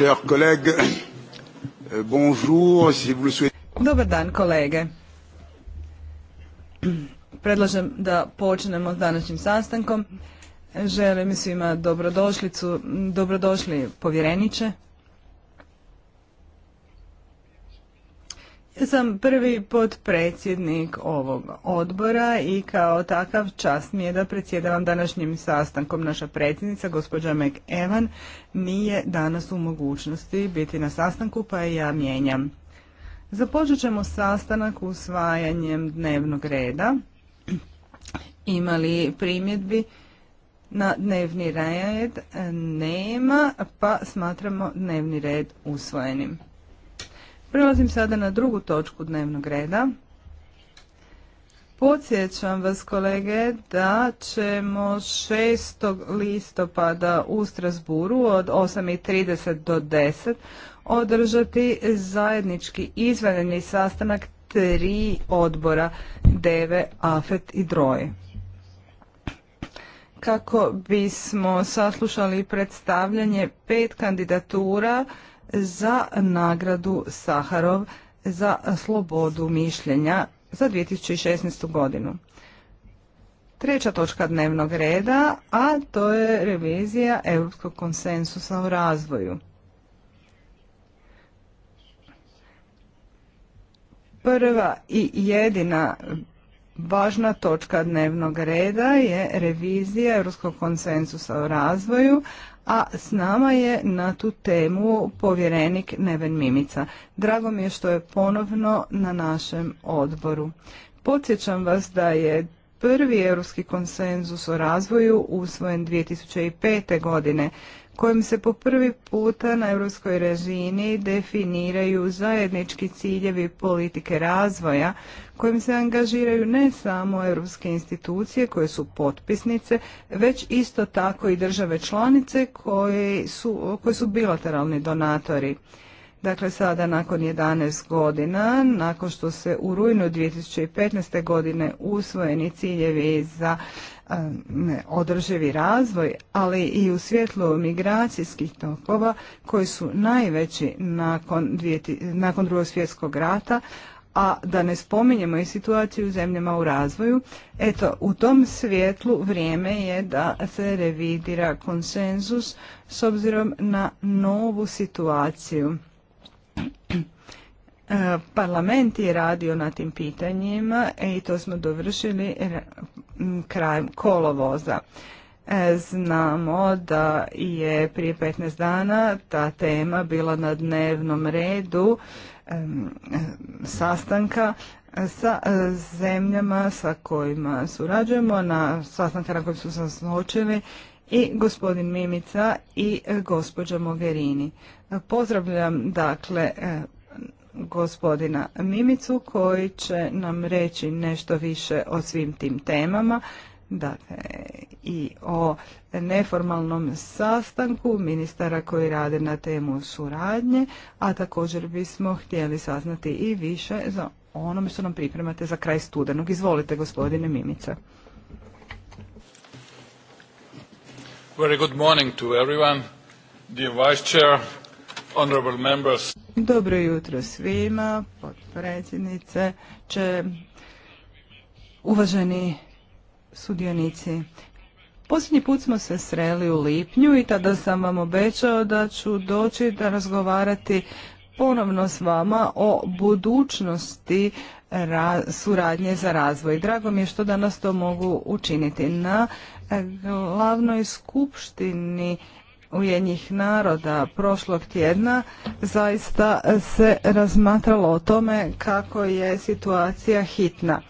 Euh, Dobar dan kolege. Predlažem da počnemo s današnjim sastankom. Želim svima dobrodošlicu, dobrodošli povjereniče. sam prvi potpredsjednik ovog odbora i kao takav čast mi je da predsjedavam današnjim sastankom. Naša predsjednica, gospođa McEvan, nije danas u mogućnosti biti na sastanku pa ja mijenjam. Započet ćemo sastanak usvajanjem dnevnog reda. Imali primjedbi na dnevni red? Nema, pa smatramo dnevni red usvojenim. Prelazim sada na drugu točku dnevnog reda. Podsjećam vas kolege da ćemo 6. listopada u Strasburu od 8.30 do 10 održati zajednički izvanredni sastanak tri odbora Deve, Afet i Droje. Kako bismo saslušali predstavljanje pet kandidatura za nagradu Saharov za slobodu mišljenja za 2016. godinu. Treća točka dnevnog reda, a to je revizija Europskog konsensusa o razvoju. Prva i jedina važna točka dnevnog reda je revizija Europskog konsensusa o razvoju, a s nama je na tu temu povjerenik Neven Mimica. Drago mi je što je ponovno na našem odboru. Podsjećam vas da je prvi europski konsenzus o razvoju usvojen 2005. godine kojim se po prvi puta na europskoj razini definiraju zajednički ciljevi politike razvoja kojim se angažiraju ne samo europske institucije koje su potpisnice, već isto tako i države članice koje su, koje su bilateralni donatori. Dakle, sada nakon 11 godina, nakon što se u rujnu 2015. godine usvojeni ciljevi za održivi razvoj, ali i u svjetlu migracijskih tokova koji su najveći nakon, nakon drugog svjetskog rata, a da ne spominjemo i situaciju u zemljama u razvoju, eto, u tom svjetlu vrijeme je da se revidira konsenzus s obzirom na novu situaciju. E, parlament je radio na tim pitanjima i to smo dovršili krajem kolovoza. E, znamo da je prije 15 dana ta tema bila na dnevnom redu sastanka sa e, zemljama sa kojima surađujemo, na sastanka na kojim su se snočili i gospodin Mimica i gospođa Mogherini. Pozdravljam dakle e, gospodina Mimicu koji će nam reći nešto više o svim tim temama dakle, i o neformalnom sastanku ministara koji rade na temu suradnje, a također bismo htjeli saznati i više za onome što nam pripremate za kraj studenog. Izvolite gospodine Mimica. Very good morning to everyone, dear vice chair, honorable members. Dobro jutro svima, potpredsjednice, će uvaženi sudionici. Posljednji put smo se sreli u lipnju i tada sam vam obećao da ću doći da razgovarati ponovno s vama o budućnosti suradnje za razvoj. Drago mi je što danas to mogu učiniti. Na glavnoj skupštini Ujednjih naroda prošlog tjedna zaista se razmatralo o tome kako je situacija hitna.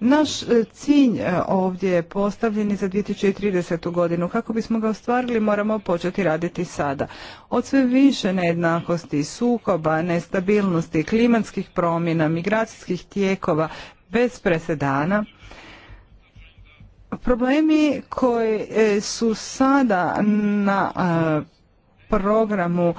Naš cilj e, ovdje je postavljen za 2030. godinu. Kako bismo ga ostvarili moramo početi raditi sada. Od sve više nejednakosti, sukoba, nestabilnosti, klimatskih promjena, migracijskih tijekova bez presedana, Problemi koji e, su sada na e, programu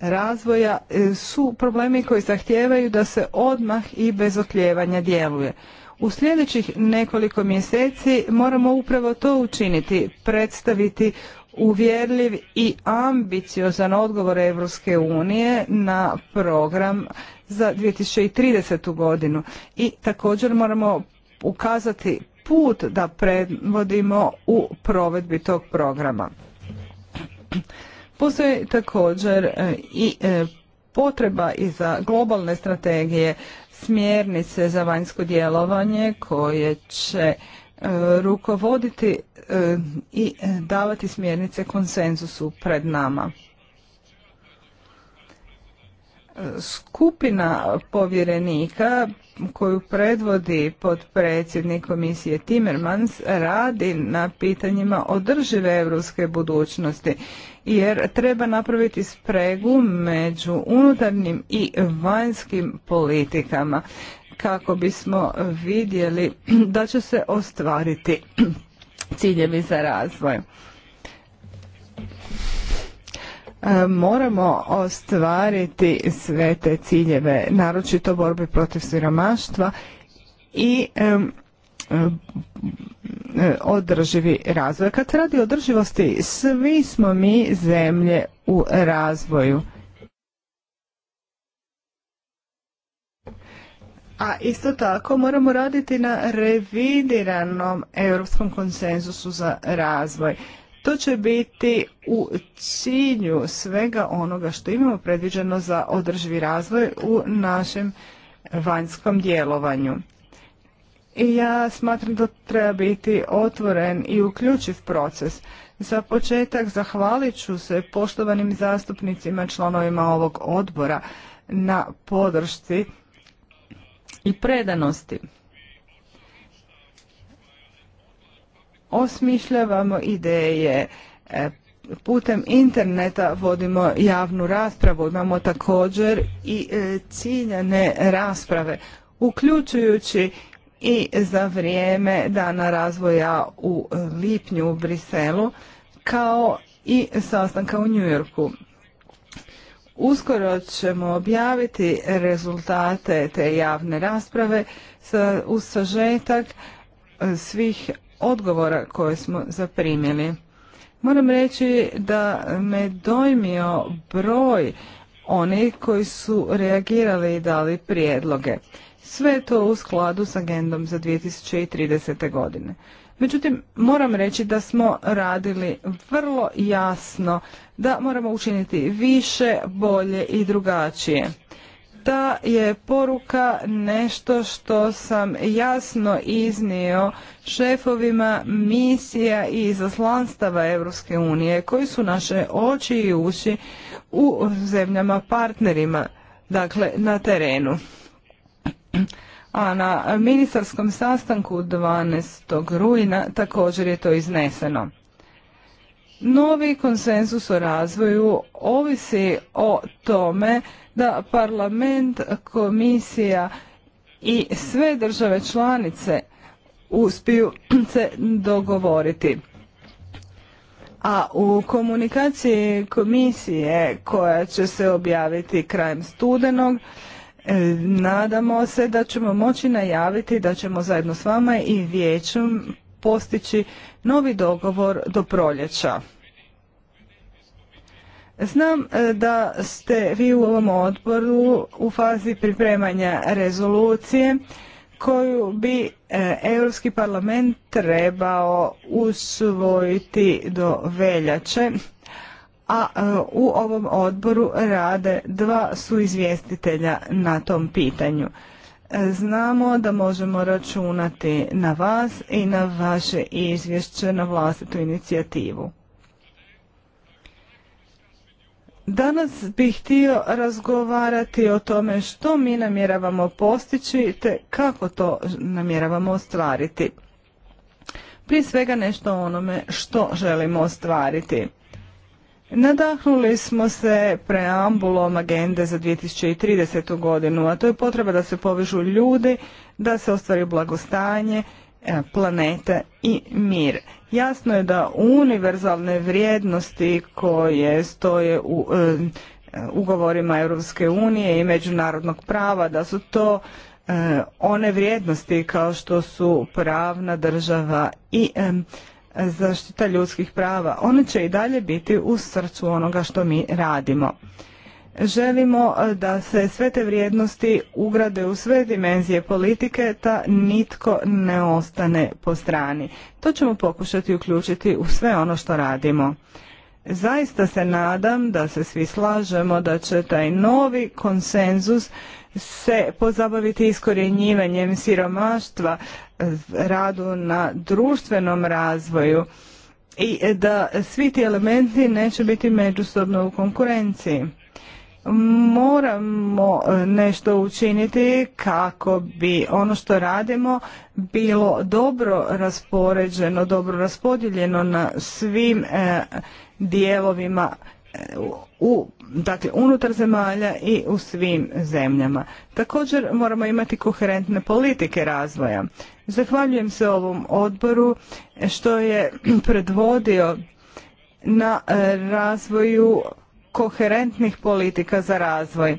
razvoja e, su problemi koji zahtijevaju da se odmah i bez okljevanja djeluje. U sljedećih nekoliko mjeseci moramo upravo to učiniti, predstaviti uvjerljiv i ambiciozan odgovor Europske unije na program za 2030. godinu i također moramo ukazati put da predvodimo u provedbi tog programa. Postoji također e, i e, potreba i za globalne strategije, smjernice za vanjsko djelovanje koje će e, rukovoditi i davati smjernice konsenzusu pred nama. Skupina povjerenika koju predvodi predsjednik komisije Timmermans radi na pitanjima održive europske budućnosti jer treba napraviti spregu među unutarnjim i vanjskim politikama kako bismo vidjeli da će se ostvariti ciljevi za razvoj. E, moramo ostvariti sve te ciljeve, naročito borbe protiv siromaštva i e, održivi razvoj. Kad se radi o održivosti, svi smo mi zemlje u razvoju. A isto tako moramo raditi na revidiranom europskom konsenzusu za razvoj. To će biti u cilju svega onoga što imamo predviđeno za održivi razvoj u našem vanjskom djelovanju. I ja smatram da treba biti otvoren i uključiv proces. Za početak zahvalit ću se poštovanim zastupnicima članovima ovog odbora na podršci i predanosti. osmišljavamo ideje, e, putem interneta vodimo javnu raspravu, imamo također i e, ciljane rasprave, uključujući i za vrijeme dana razvoja u lipnju u Briselu, kao i sastanka u Njujorku. Uskoro ćemo objaviti rezultate te javne rasprave uz sažetak e, svih odgovora koje smo zaprimili. Moram reći da me dojmio broj onih koji su reagirali i dali prijedloge. Sve je to u skladu s agendom za 2030. godine. Međutim, moram reći da smo radili vrlo jasno da moramo učiniti više, bolje i drugačije ta je poruka nešto što sam jasno iznio šefovima misija i zaslanstava Europske unije koji su naše oči i uši u zemljama partnerima, dakle na terenu. A na ministarskom sastanku 12. rujna također je to izneseno. Novi konsenzus o razvoju ovisi o tome da parlament, komisija i sve države članice uspiju se dogovoriti. A u komunikaciji komisije koja će se objaviti krajem studenog, e, nadamo se da ćemo moći najaviti da ćemo zajedno s vama i vijećem postići novi dogovor do proljeća. Znam e, da ste vi u ovom odboru u fazi pripremanja rezolucije koju bi e, Europski parlament trebao usvojiti do veljače, a e, u ovom odboru rade dva su izvjestitelja na tom pitanju. Znamo da možemo računati na vas i na vaše izvješće na vlastitu inicijativu. Danas bih htio razgovarati o tome što mi namjeravamo postići te kako to namjeravamo ostvariti. Prije svega nešto o onome što želimo ostvariti. Nadahnuli smo se preambulom agende za 2030. godinu, a to je potreba da se povežu ljudi, da se ostvari blagostanje, e, planeta i mir. Jasno je da univerzalne vrijednosti koje stoje u ugovorima Europske unije i međunarodnog prava, da su to one vrijednosti kao što su pravna država i zaštita ljudskih prava. One će i dalje biti u srcu onoga što mi radimo. Želimo e, da se sve te vrijednosti ugrade u sve dimenzije politike, ta nitko ne ostane po strani. To ćemo pokušati uključiti u sve ono što radimo. Zaista se nadam da se svi slažemo da će taj novi konsenzus se pozabaviti iskorjenjivanjem siromaštva, radu na društvenom razvoju i da svi ti elementi neće biti međusobno u konkurenciji moramo e, nešto učiniti kako bi ono što radimo bilo dobro raspoređeno, dobro raspodijeljeno na svim e, dijelovima e, u dakle unutar zemalja i u svim zemljama. Također moramo imati koherentne politike razvoja. Zahvaljujem se ovom odboru što je predvodio na razvoju koherentnih politika za razvoj.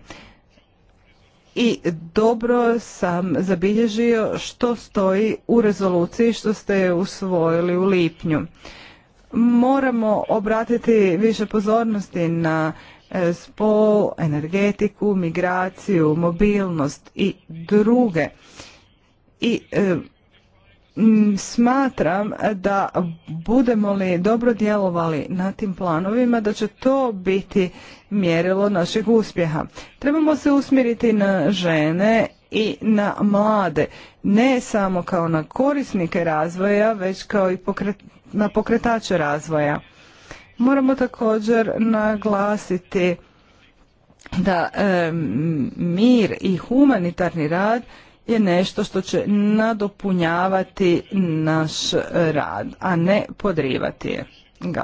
I dobro sam zabilježio što stoji u rezoluciji što ste usvojili u lipnju. Moramo obratiti više pozornosti na e, spol, energetiku, migraciju, mobilnost i druge. I e, Mm, smatram da budemo li dobro djelovali na tim planovima da će to biti mjerilo našeg uspjeha. Trebamo se usmjeriti na žene i na mlade, ne samo kao na korisnike razvoja, već kao i pokret, na pokretače razvoja. Moramo također naglasiti da mir i humanitarni rad je nešto što će nadopunjavati naš rad, a ne podrivati ga.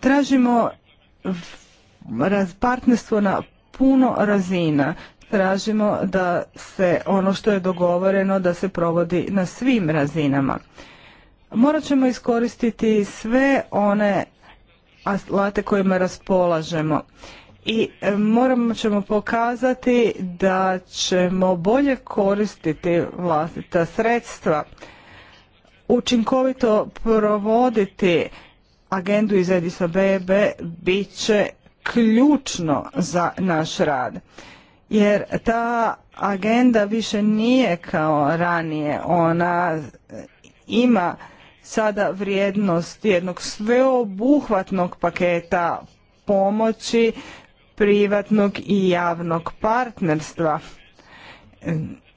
Tražimo partnerstvo na puno razina. Tražimo da se ono što je dogovoreno da se provodi na svim razinama. Morat ćemo iskoristiti sve one alate kojima raspolažemo i e, moramo ćemo pokazati da ćemo bolje koristiti vlastita sredstva, učinkovito provoditi agendu iz Edisa Bebe bit će ključno za naš rad. Jer ta agenda više nije kao ranije, ona ima sada vrijednost jednog sveobuhvatnog paketa pomoći privatnog i javnog partnerstva.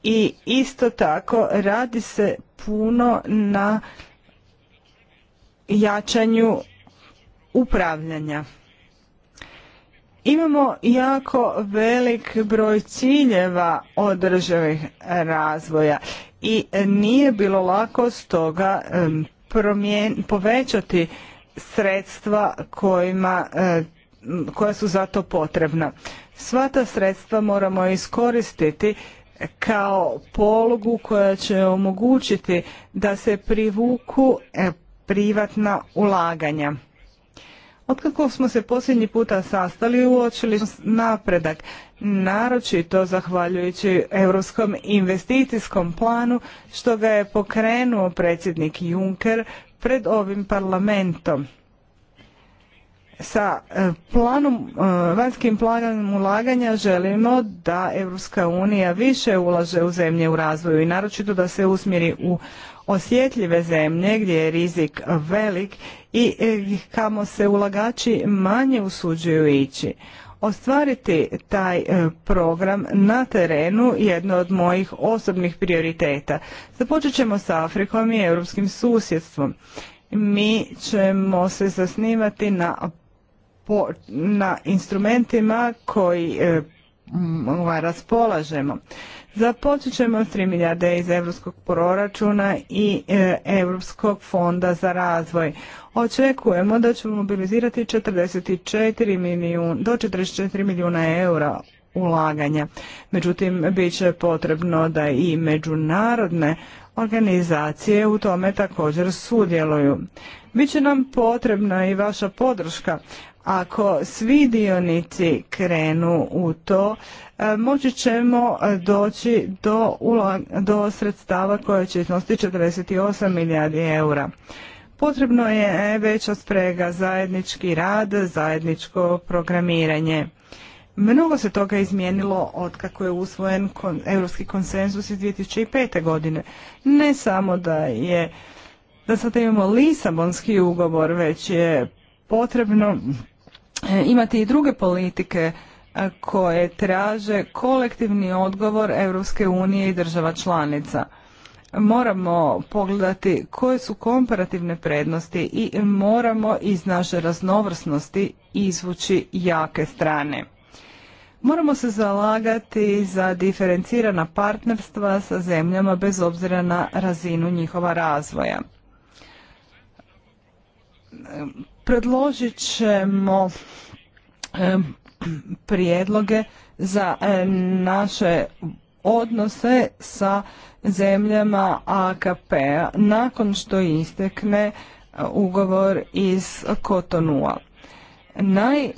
I isto tako radi se puno na jačanju upravljanja. Imamo jako velik broj ciljeva održavih razvoja i nije bilo lako stoga povećati sredstva kojima e, koja su za to potrebna. Sva ta sredstva moramo iskoristiti kao polugu koja će omogućiti da se privuku e, privatna ulaganja. Otkako smo se posljednji puta sastali, uočili napredak, naročito zahvaljujući Europskom investicijskom planu, što ga je pokrenuo predsjednik Juncker pred ovim parlamentom sa e, planom, e, vanjskim planom ulaganja želimo da Europska unija više ulaže u zemlje u razvoju i naročito da se usmjeri u osjetljive zemlje gdje je rizik velik i e, kamo se ulagači manje usuđuju ići. Ostvariti taj program na terenu jedno od mojih osobnih prioriteta. Započet ćemo sa Afrikom i europskim susjedstvom mi ćemo se zasnivati na na instrumentima koji e, raspolažemo. Započet ćemo s 3 milijarde iz Europskog proračuna i Europskog fonda za razvoj. Očekujemo da ćemo mobilizirati 44 milijun, do 44 milijuna eura ulaganja. Međutim, bit će potrebno da i međunarodne organizacije u tome također sudjeluju. Biće nam potrebna i vaša podrška, ako svi dionici krenu u to, e, moći ćemo e, doći do, do sredstava koja će iznositi 48 milijardi eura. Potrebno je e, veća sprega, zajednički rad, zajedničko programiranje. Mnogo se toga izmijenilo od kako je usvojen kon, europski konsenzus iz 2005. godine. Ne samo da je da sada imamo Lisabonski ugovor, već je potrebno e, imati i druge politike e, koje traže kolektivni odgovor Europske unije i država članica. Moramo pogledati koje su komparativne prednosti i moramo iz naše raznovrsnosti izvući jake strane. Moramo se zalagati za diferencirana partnerstva sa zemljama bez obzira na razinu njihova razvoja Predložit ćemo prijedloge za naše odnose sa zemljama AKP-a nakon što istekne e, ugovor iz Kotonua. Naj,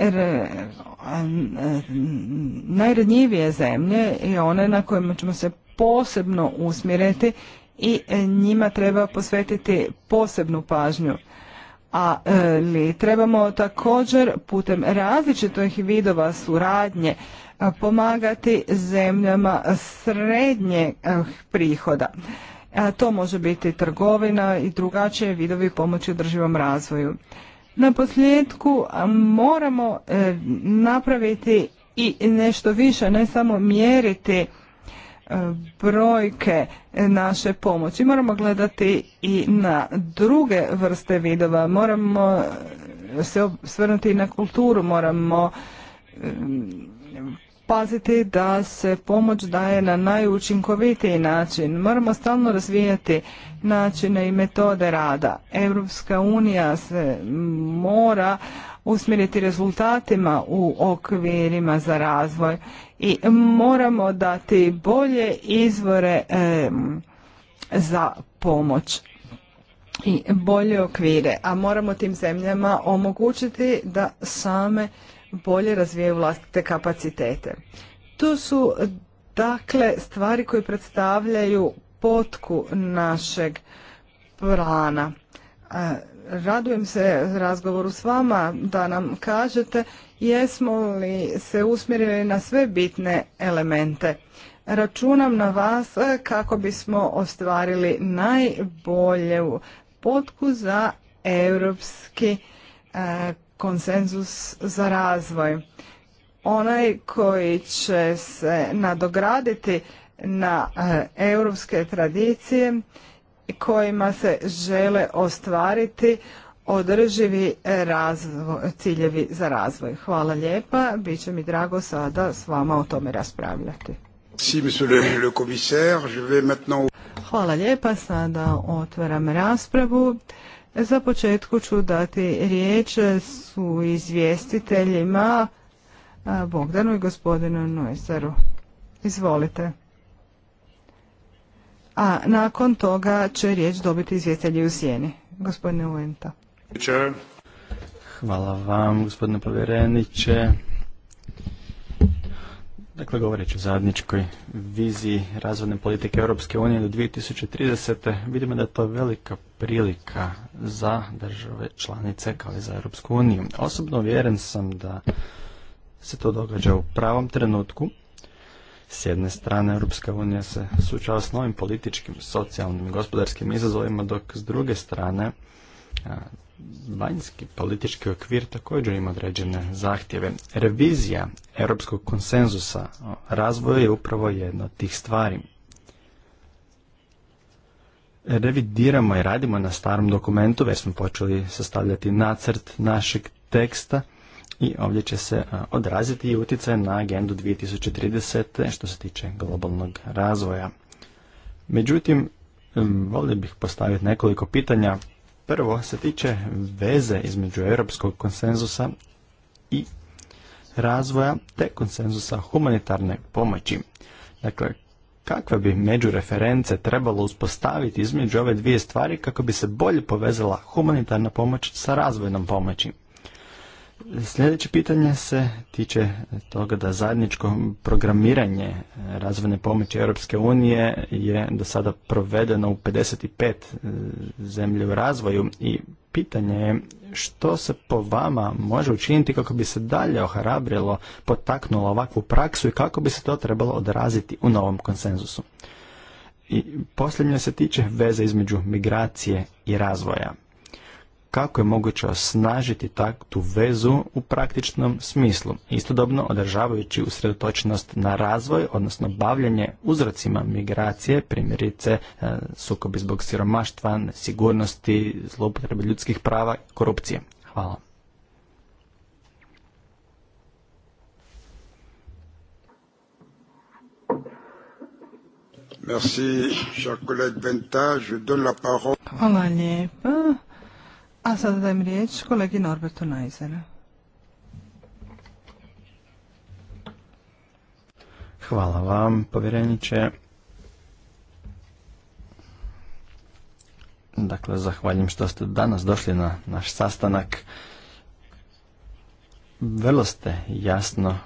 najrednjivije zemlje i one na kojima ćemo se posebno usmjeriti i e, njima treba posvetiti posebnu pažnju ali e, trebamo također putem različitih vidova suradnje e, pomagati zemljama srednje e, prihoda. to može biti trgovina i drugačije vidovi pomoći održivom razvoju. Na posljedku moramo napraviti i nešto više, ne samo mjeriti brojke naše pomoći. Moramo gledati i na druge vrste vidova. Moramo se svrnuti na kulturu, moramo paziti da se pomoć daje na najučinkovitiji način. Moramo stalno razvijati načine i metode rada. Europska unija se mora usmjeriti rezultatima u okvirima za razvoj i moramo dati bolje izvore za pomoć i bolje okvire, a moramo tim zemljama omogućiti da same bolje razvijaju vlastite kapacitete. To su dakle stvari koje predstavljaju potku našeg plana. E, Radujem se razgovoru s vama da nam kažete jesmo li se usmjerili na sve bitne elemente. Računam na vas kako bismo ostvarili najbolju potku za europski e, konsenzus za razvoj. Onaj koji će se nadograditi na e, europske tradicije kojima se žele ostvariti održivi razvoj, ciljevi za razvoj. Hvala lijepa, bit će mi drago sada s vama o tome raspravljati. Hvala lijepa, sada otvaram raspravu. Za početku ću dati riječ su izvjestiteljima Bogdanu i gospodinu Noisaru. Izvolite a nakon toga će riječ dobiti izvjetelji u sjeni. Gospodine Uenta. Hvala vam, gospodine povjereniče. Dakle, govoreći o zajedničkoj viziji razvodne politike Europske unije do 2030. vidimo da je to velika prilika za države članice kao i za Europsku uniju. Osobno vjeren sam da se to događa u pravom trenutku s jedne strane, Europska unija se sučava s novim političkim, socijalnim i gospodarskim izazovima, dok s druge strane, vanjski politički okvir također ima određene zahtjeve. Revizija europskog konsenzusa o razvoju je upravo jedna od tih stvari. Revidiramo i radimo na starom dokumentu, već smo počeli sastavljati nacrt našeg teksta, i ovdje će se odraziti i utjecaj na agendu 2030. što se tiče globalnog razvoja. Međutim, volio bih postaviti nekoliko pitanja. Prvo se tiče veze između europskog konsenzusa i razvoja te konsenzusa humanitarne pomoći. Dakle, kakve bi međureference trebalo uspostaviti između ove dvije stvari kako bi se bolje povezala humanitarna pomoć sa razvojnom pomoći. Sljedeće pitanje se tiče toga da zajedničko programiranje razvojne pomoći Europske unije je do sada provedeno u 55 e, zemlje u razvoju i pitanje je što se po vama može učiniti kako bi se dalje ohrabrilo, potaknulo ovakvu praksu i kako bi se to trebalo odraziti u novom konsenzusu. I posljednje se tiče veze između migracije i razvoja kako je moguće osnažiti tu vezu u praktičnom smislu, istodobno održavajući usredotočenost na razvoj, odnosno bavljanje uzrocima migracije, primjerice e, sukobi zbog siromaštva, sigurnosti, zloupotrebe ljudskih prava, korupcije. Hvala. Merci, Je donne la parole. Hvala a sada dajem riječ kolegi Norbertu Najzera. Hvala vam, povjereniče. Dakle, zahvaljujem što ste danas došli na naš sastanak. Vrlo ste jasno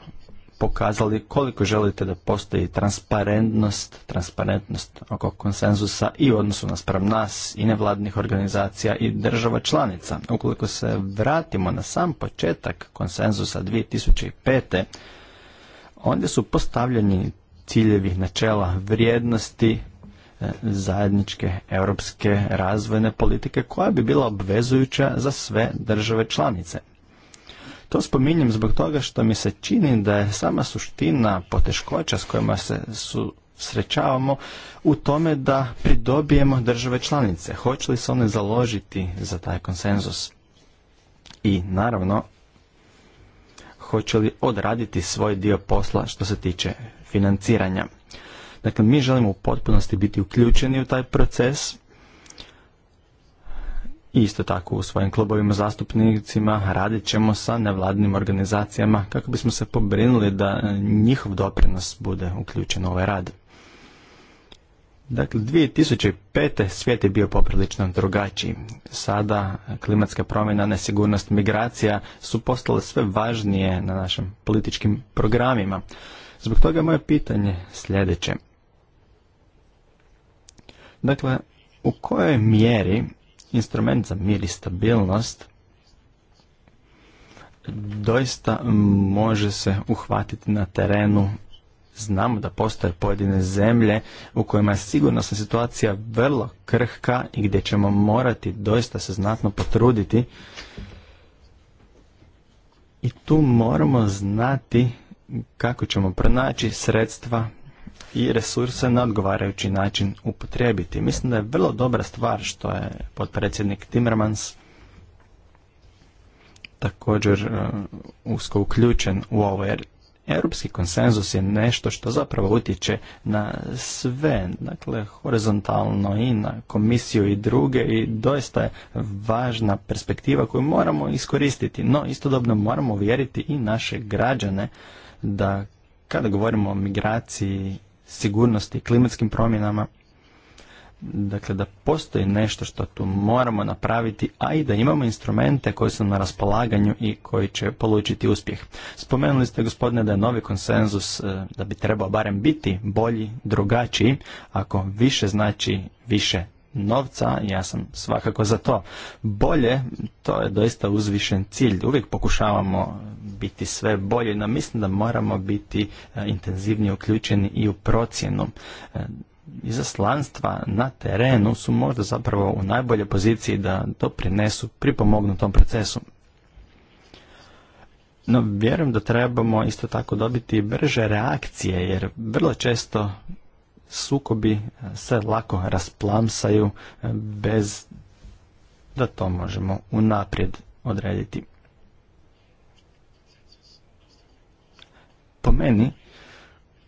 pokazali koliko želite da postoji transparentnost, transparentnost oko konsenzusa i u odnosu naspram nas i nevladnih organizacija i država članica. Ukoliko se vratimo na sam početak konsenzusa 2005. Onda su postavljeni ciljevi načela vrijednosti e, zajedničke europske razvojne politike koja bi bila obvezujuća za sve države članice. To spominjem zbog toga što mi se čini da je sama suština poteškoća s kojima se su srećavamo u tome da pridobijemo države članice. Hoće li se one založiti za taj konsenzus? I naravno, hoće li odraditi svoj dio posla što se tiče financiranja. Dakle, mi želimo u potpunosti biti uključeni u taj proces isto tako u svojim klubovima zastupnicima radit ćemo sa nevladnim organizacijama kako bismo se pobrinuli da njihov doprinos bude uključen u ovaj rad. Dakle, 2005. svijet je bio poprilično drugačiji. Sada klimatska promjena, nesigurnost, migracija su postale sve važnije na našim političkim programima. Zbog toga je moje pitanje sljedeće. Dakle, u kojoj mjeri instrument za mir i stabilnost doista može se uhvatiti na terenu. Znamo da postoje pojedine zemlje u kojima je sigurnosna situacija vrlo krhka i gdje ćemo morati doista se znatno potruditi. I tu moramo znati kako ćemo pronaći sredstva i resurse na odgovarajući način upotrijebiti. Mislim da je vrlo dobra stvar što je potpredsjednik Timmermans također e, usko uključen u ovo jer europski konsenzus je nešto što zapravo utječe na sve, dakle horizontalno i na komisiju i druge i doista je važna perspektiva koju moramo iskoristiti, no istodobno moramo vjeriti i naše građane da kada govorimo o migraciji sigurnosti, klimatskim promjenama. Dakle, da postoji nešto što tu moramo napraviti, a i da imamo instrumente koji su na raspolaganju i koji će polučiti uspjeh. Spomenuli ste, gospodine, da je novi konsenzus e, da bi trebao barem biti bolji, drugačiji, ako više znači više novca, ja sam svakako za to. Bolje, to je doista uzvišen cilj. Uvijek pokušavamo biti sve bolje, no mislim da moramo biti e, intenzivnije uključeni i u procjenu e, izaslanstva na terenu su možda zapravo u najboljoj poziciji da to prinesu, pripomognu tom procesu. No, vjerujem da trebamo isto tako dobiti brže reakcije, jer vrlo često sukobi e, se lako rasplamsaju bez da to možemo unaprijed odrediti. Po meni,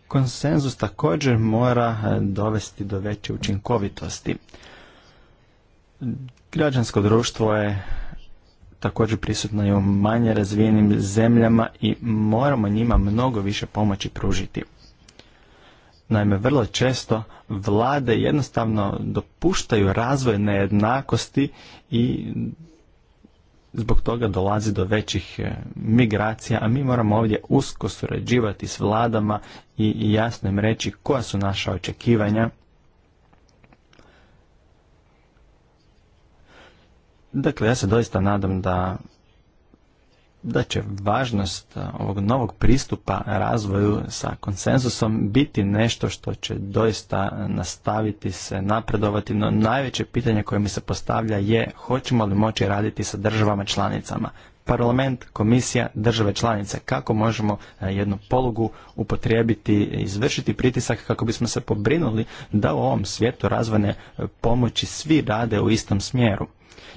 konsenzus također mora e, dovesti do veće učinkovitosti. Građansko društvo je također prisutno i u manje razvijenim zemljama i moramo njima mnogo više pomoći pružiti. Naime, vrlo često vlade jednostavno dopuštaju razvoj nejednakosti i zbog toga dolazi do većih e, migracija, a mi moramo ovdje usko surađivati s vladama i jasno im reći koja su naša očekivanja. Dakle, ja se doista nadam da da će važnost e, ovog novog pristupa razvoju sa konsenzusom biti nešto što će doista nastaviti se napredovati, no najveće pitanje koje mi se postavlja je hoćemo li moći raditi sa državama članicama. Parlament, komisija, države članice, kako možemo e, jednu polugu upotrijebiti, izvršiti pritisak kako bismo se pobrinuli da u ovom svijetu razvojne e, pomoći svi rade u istom smjeru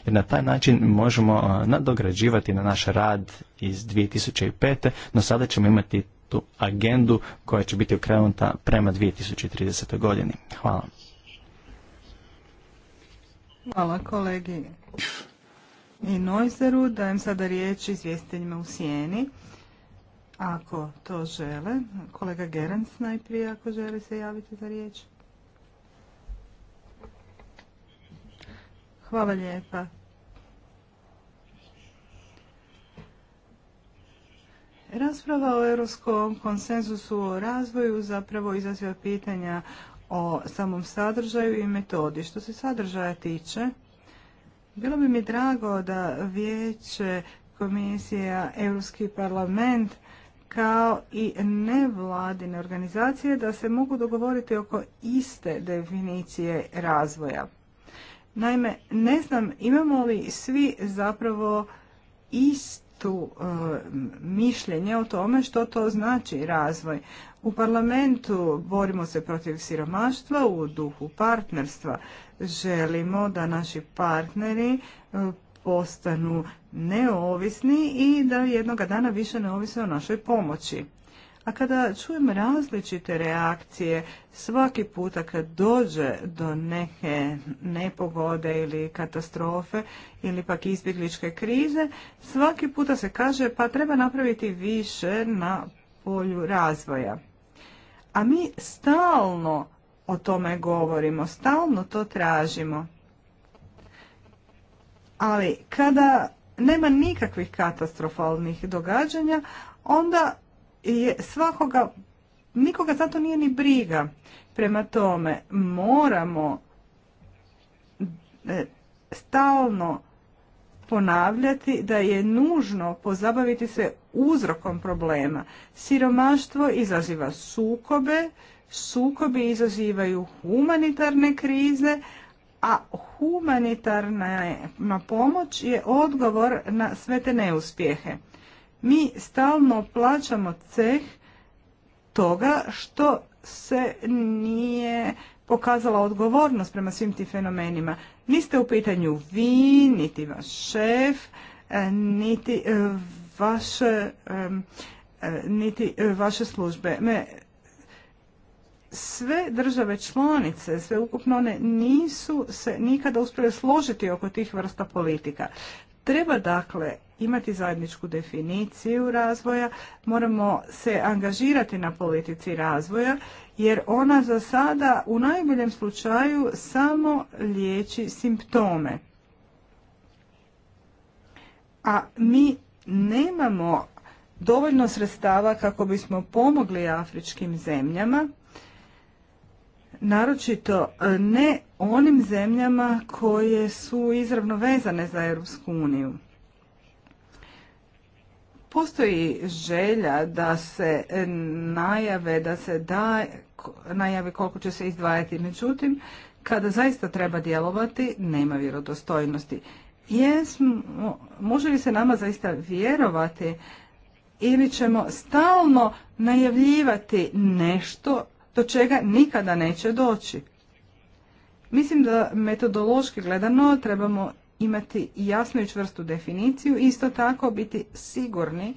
jer na taj način možemo nadograđivati na naš rad iz 2005. no sada ćemo imati tu agendu koja će biti okrenuta prema 2030. godini. Hvala. Hvala kolegi i Noizeru. Dajem sada riječ izvjestiteljima u sjeni. Ako to žele, kolega Gerans najprije ako želi se javiti za riječ. Hvala lijepa. Rasprava o europskom konsenzusu o razvoju zapravo izaziva pitanja o samom sadržaju i metodi. Što se sadržaja tiče, bilo bi mi drago da vijeće, komisija, Europski parlament kao i nevladine organizacije da se mogu dogovoriti oko iste definicije razvoja. Naime, ne znam imamo li svi zapravo istu e, mišljenje o tome što to znači razvoj. U parlamentu borimo se protiv siromaštva u duhu partnerstva. Želimo da naši partneri e, postanu neovisni i da jednoga dana više ne ovise o našoj pomoći kada čujem različite reakcije svaki puta kad dođe do neke nepogode ili katastrofe ili pak izbjegličke krize, svaki puta se kaže pa treba napraviti više na polju razvoja. A mi stalno o tome govorimo, stalno to tražimo. Ali kada nema nikakvih katastrofalnih događanja, onda je svakoga, nikoga zato nije ni briga. Prema tome moramo e, stalno ponavljati da je nužno pozabaviti se uzrokom problema. Siromaštvo izaziva sukobe, sukobi izazivaju humanitarne krize, a humanitarna pomoć je odgovor na sve te neuspjehe. Mi stalno plaćamo ceh toga što se nije pokazala odgovornost prema svim tim fenomenima. Niste u pitanju vi, niti vaš šef, e, niti e, vaše, e, niti vaše službe. sve države članice, sve ukupno one nisu se nikada uspjele složiti oko tih vrsta politika. Treba dakle imati zajedničku definiciju razvoja, moramo se angažirati na politici razvoja jer ona za sada u najboljem slučaju samo liječi simptome. A mi nemamo dovoljno sredstava kako bismo pomogli afričkim zemljama, naročito eh, ne onim zemljama koje su izravno vezane za Europsku uniju. Postoji želja da se najave, da se da najave koliko će se izdvajati. Međutim, kada zaista treba djelovati, nema vjerodostojnosti. Jesmo, može li se nama zaista vjerovati ili ćemo stalno najavljivati nešto do čega nikada neće doći? Mislim da metodološki gledano trebamo imati jasnu i čvrstu definiciju, isto tako biti sigurni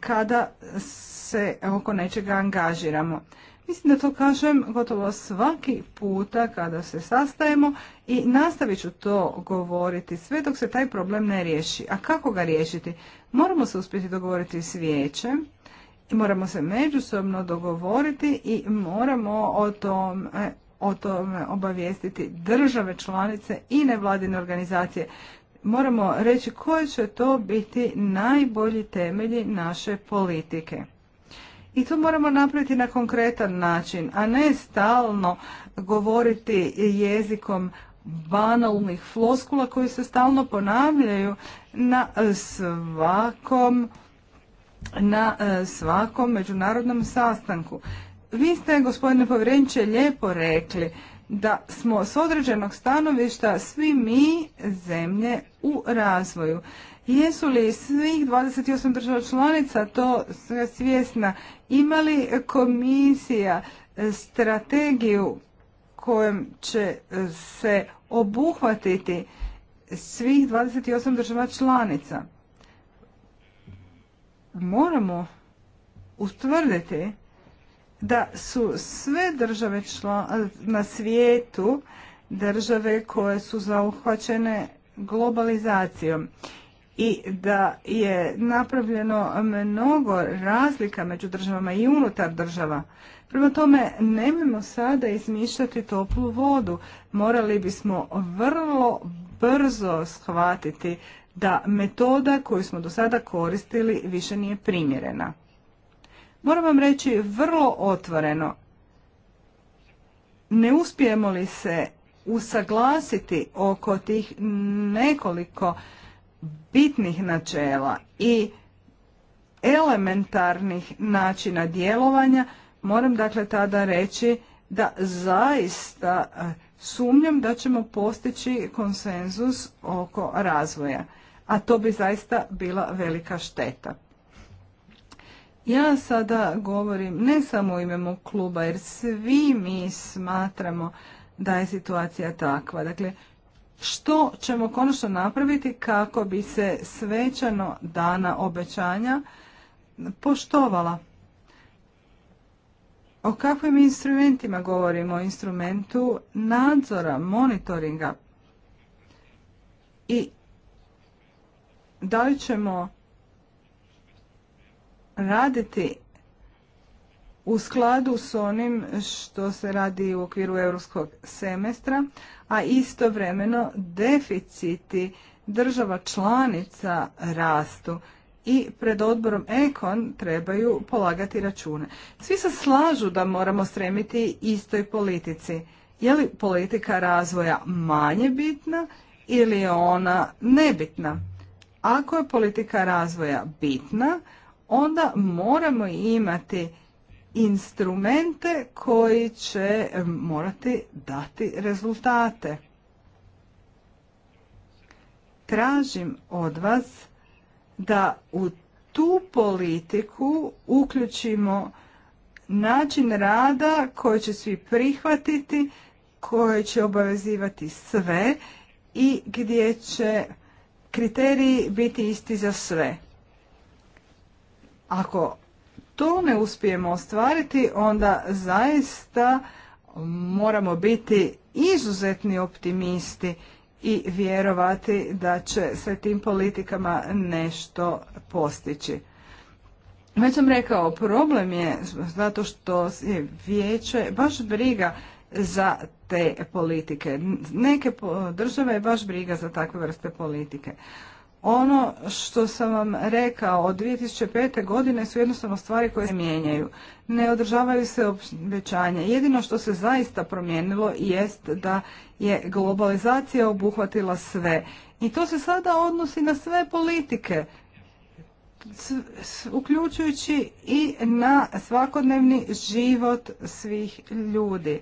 kada se oko nečega angažiramo. Mislim da to kažem gotovo svaki puta kada se sastajemo i nastavit ću to govoriti sve dok se taj problem ne riješi. A kako ga riješiti? Moramo se uspjeti dogovoriti s vijećem i moramo se međusobno dogovoriti i moramo o tom e, o tome obavijestiti države članice i nevladine organizacije. Moramo reći koji će to biti najbolji temelji naše politike. I to moramo napraviti na konkretan način, a ne stalno govoriti jezikom banalnih floskula koji se stalno ponavljaju na svakom na e, svakom međunarodnom sastanku. Vi ste, gospodine Povjerenče lijepo rekli da smo s određenog stanovišta svi mi zemlje u razvoju. Jesu li svih 28 država članica to svjesna? Ima li komisija strategiju kojom će se obuhvatiti svih 28 država članica? Moramo ustvrditi da su sve države na svijetu države koje su zauhvaćene globalizacijom i da je napravljeno mnogo razlika među državama i unutar država. Prema tome, nemojmo sada izmišljati toplu vodu. Morali bismo vrlo brzo shvatiti da metoda koju smo do sada koristili više nije primjerena. Moram vam reći vrlo otvoreno, ne uspijemo li se usaglasiti oko tih nekoliko bitnih načela i elementarnih načina djelovanja, moram dakle tada reći da zaista sumnjam da ćemo postići konsenzus oko razvoja, a to bi zaista bila velika šteta. Ja sada govorim ne samo u ime kluba, jer svi mi smatramo da je situacija takva. Dakle, što ćemo konačno napraviti kako bi se svećano dana obećanja poštovala? O kakvim instrumentima govorimo? O instrumentu nadzora, monitoringa. I da li ćemo raditi u skladu s onim što se radi u okviru europskog semestra, a istovremeno deficiti država članica rastu i pred odborom Ekon trebaju polagati račune. Svi se slažu da moramo stremiti istoj politici. Je li politika razvoja manje bitna ili je ona nebitna? Ako je politika razvoja bitna, onda moramo imati instrumente koji će morati dati rezultate. Tražim od vas da u tu politiku uključimo način rada koji će svi prihvatiti, koji će obavezivati sve i gdje će kriteriji biti isti za sve. Ako to ne uspijemo ostvariti, onda zaista moramo biti izuzetni optimisti i vjerovati da će se tim politikama nešto postići. Već sam rekao, problem je zato što je vijeće baš briga za te politike. Neke države je baš briga za takve vrste politike ono što sam vam rekao od 2005. godine su jednostavno stvari koje se mijenjaju. Ne održavaju se obećanja. Jedino što se zaista promijenilo jest da je globalizacija obuhvatila sve. I to se sada odnosi na sve politike, uključujući i na svakodnevni život svih ljudi.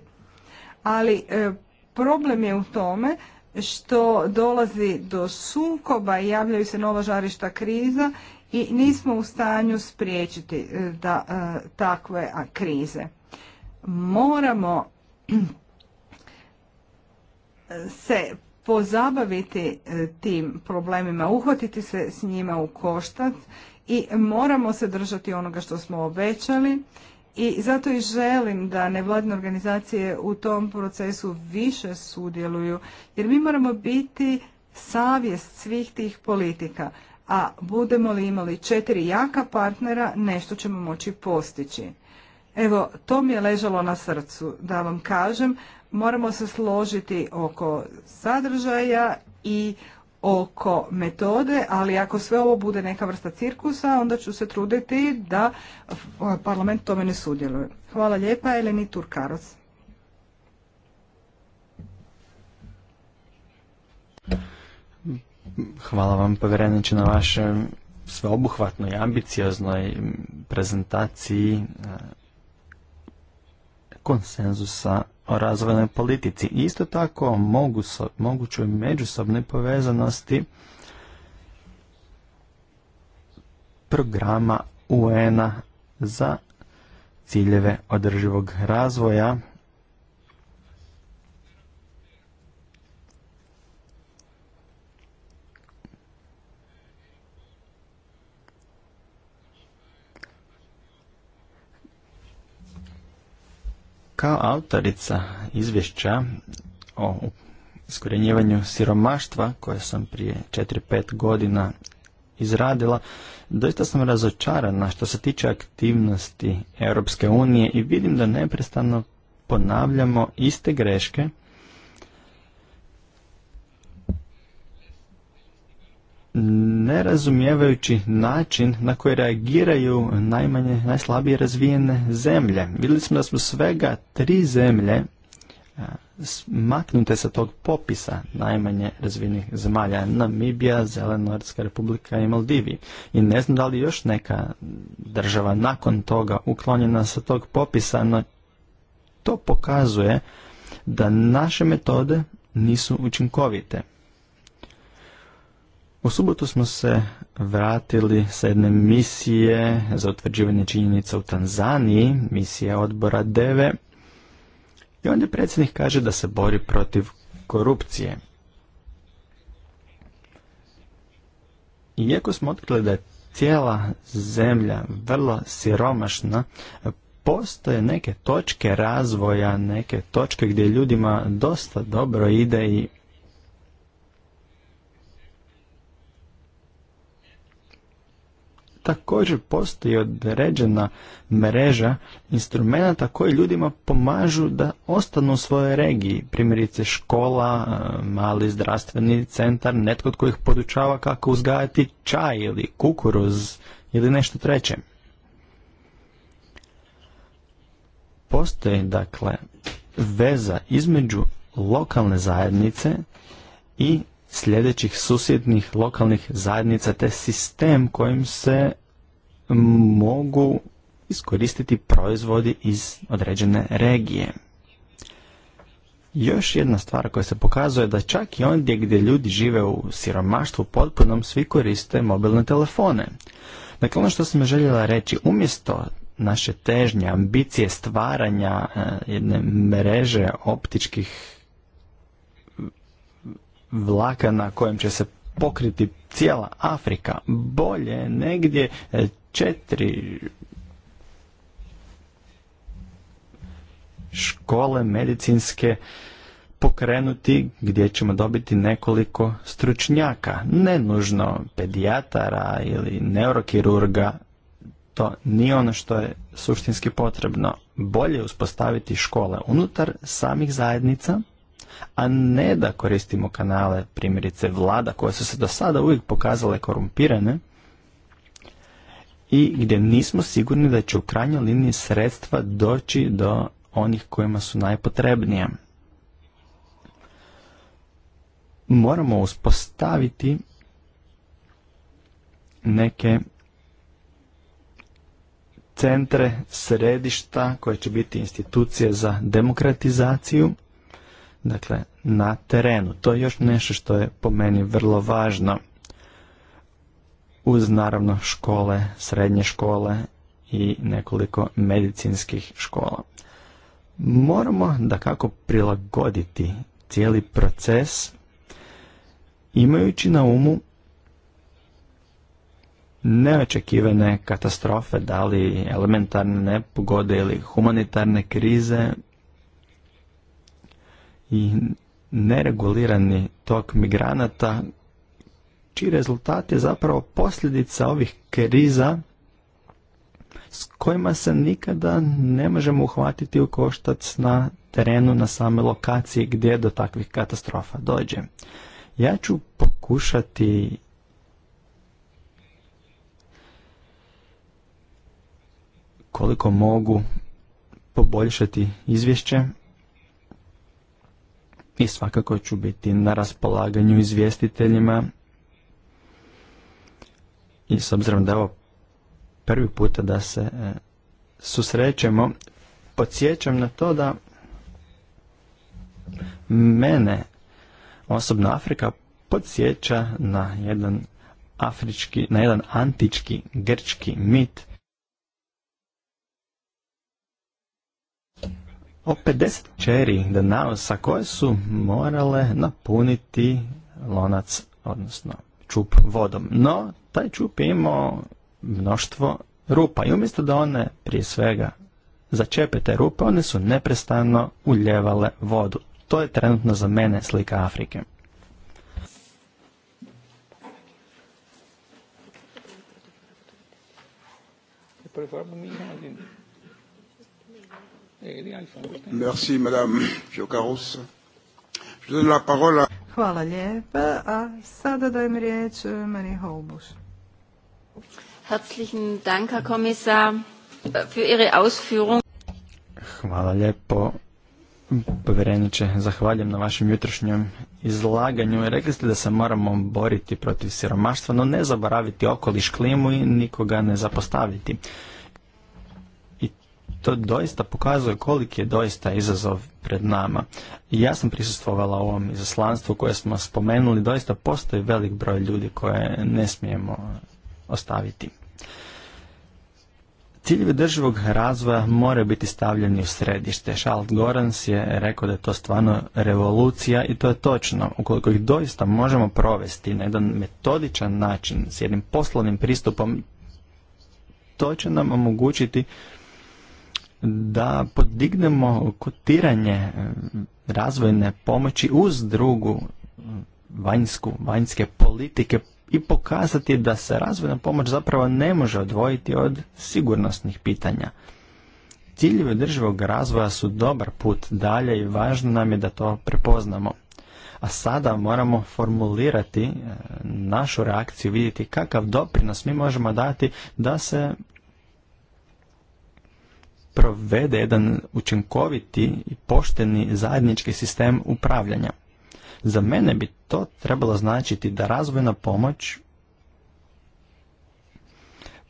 Ali e, problem je u tome što dolazi do sukoba i javljaju se nova žarišta kriza i nismo u stanju spriječiti e, da e, takve krize. Moramo se pozabaviti e, tim problemima, uhvatiti se s njima u koštac i moramo se držati onoga što smo obećali i zato i želim da nevladne organizacije u tom procesu više sudjeluju, jer mi moramo biti savjest svih tih politika, a budemo li imali četiri jaka partnera, nešto ćemo moći postići. Evo, to mi je ležalo na srcu, da vam kažem, moramo se složiti oko sadržaja i oko metode, ali ako sve ovo bude neka vrsta cirkusa, onda ću se truditi da parlament tome ne sudjeluje. Hvala lijepa, Eleni Turkaros. Hvala vam, povjereniče, na vašem sveobuhvatnoj, ambicioznoj prezentaciji konsenzusa o razvojnoj politici. Isto tako o mogućoj međusobnoj povezanosti programa UN-a za ciljeve održivog razvoja Kao autorica izvješća o iskorjenjivanju siromaštva koje sam prije 4-5 godina izradila, doista sam razočarana što se tiče aktivnosti Europske unije i vidim da neprestano ponavljamo iste greške nerazumijevajući način na koji reagiraju najmanje, najslabije razvijene zemlje. Vidjeli smo da smo svega tri zemlje maknute sa tog popisa najmanje razvijenih zemalja Namibija, Zelenorska republika i Maldivi. I ne znam da li još neka država nakon toga uklonjena sa tog popisa, no to pokazuje da naše metode nisu učinkovite. U subotu smo se vratili sa jedne misije za utvrđivanje činjenica u Tanzaniji, misija odbora DEVE, i onda predsjednik kaže da se bori protiv korupcije. Iako smo otkrili da je cijela zemlja vrlo siromašna, postoje neke točke razvoja, neke točke gdje ljudima dosta dobro ide i također postoji određena mreža instrumenta koji ljudima pomažu da ostanu u svojoj regiji. Primjerice škola, mali zdravstveni centar, netko tko ih podučava kako uzgajati čaj ili kukuruz ili nešto treće. Postoji dakle veza između lokalne zajednice i sljedećih susjednih lokalnih zajednica te sistem kojim se mogu iskoristiti proizvodi iz određene regije. Još jedna stvar koja se pokazuje da čak i ondje gdje ljudi žive u siromaštvu potpunom svi koriste mobilne telefone. Dakle, ono što sam željela reći, umjesto naše težnje, ambicije stvaranja eh, jedne mreže optičkih vlaka na kojem će se pokriti cijela Afrika. Bolje negdje e, četiri škole medicinske pokrenuti gdje ćemo dobiti nekoliko stručnjaka, ne nužno pedijatara ili neurokirurga, to nije ono što je suštinski potrebno. Bolje uspostaviti škole unutar samih zajednica, a ne da koristimo kanale primjerice vlada koje su se do sada uvijek pokazale korumpirane i gdje nismo sigurni da će u krajnjoj liniji sredstva doći do onih kojima su najpotrebnije. Moramo uspostaviti neke centre, središta koje će biti institucije za demokratizaciju dakle, na terenu. To je još nešto što je po meni vrlo važno. Uz naravno škole, srednje škole i nekoliko medicinskih škola. Moramo da kako prilagoditi cijeli proces imajući na umu neočekivane katastrofe, da li elementarne nepogode ili humanitarne krize i neregulirani tok migranata čiji rezultat je zapravo posljedica ovih kriza s kojima se nikada ne možemo uhvatiti u koštac na terenu, na same lokaciji gdje do takvih katastrofa dođe. Ja ću pokušati koliko mogu poboljšati izvješće i svakako ću biti na raspolaganju izvjestiteljima i s obzirom da je ovo prvi puta da se e, susrećemo, podsjećam na to da mene osobno Afrika podsjeća na jedan afrički, na jedan antički grčki mit o 50 čeri Danausa koje su morale napuniti lonac, odnosno čup vodom. No, taj čup je imao mnoštvo rupa i umjesto da one prije svega začepe te rupe, one su neprestano uljevale vodu. To je trenutno za mene slika Afrike. mi Merci, madame Je donne la parole à... Hvala lijepa, a sada dajem riječ eh, Marije Holbuš. Herzlichen Dank, Herr Kommissar, eh, für Ihre Ausführung. Hvala lijepo, povjereniče. Zahvaljujem na vašem jutrošnjem izlaganju. Rekli ste da se moramo boriti protiv siromaštva, no ne zaboraviti okoliš klimu i nikoga ne zapostaviti to doista pokazuje koliki je doista izazov pred nama. i Ja sam prisustvovala ovom izaslanstvu koje smo spomenuli, doista postoji velik broj ljudi koje ne smijemo ostaviti. Ciljevi drživog razvoja moraju biti stavljeni u središte. Charles Gorans je rekao da je to stvarno revolucija i to je točno. Ukoliko ih doista možemo provesti na jedan metodičan način, s jednim poslovnim pristupom, to će nam omogućiti da podignemo kotiranje eh, razvojne pomoći uz drugu mm, vanjsku, vanjske politike i pokazati da se razvojna pomoć zapravo ne može odvojiti od sigurnosnih pitanja. Ciljevi održivog razvoja su dobar put dalje i važno nam je da to prepoznamo. A sada moramo formulirati eh, našu reakciju, vidjeti kakav doprinos mi možemo dati da se provede jedan učinkoviti i pošteni zajednički sistem upravljanja. Za mene bi to trebalo značiti da razvojna pomoć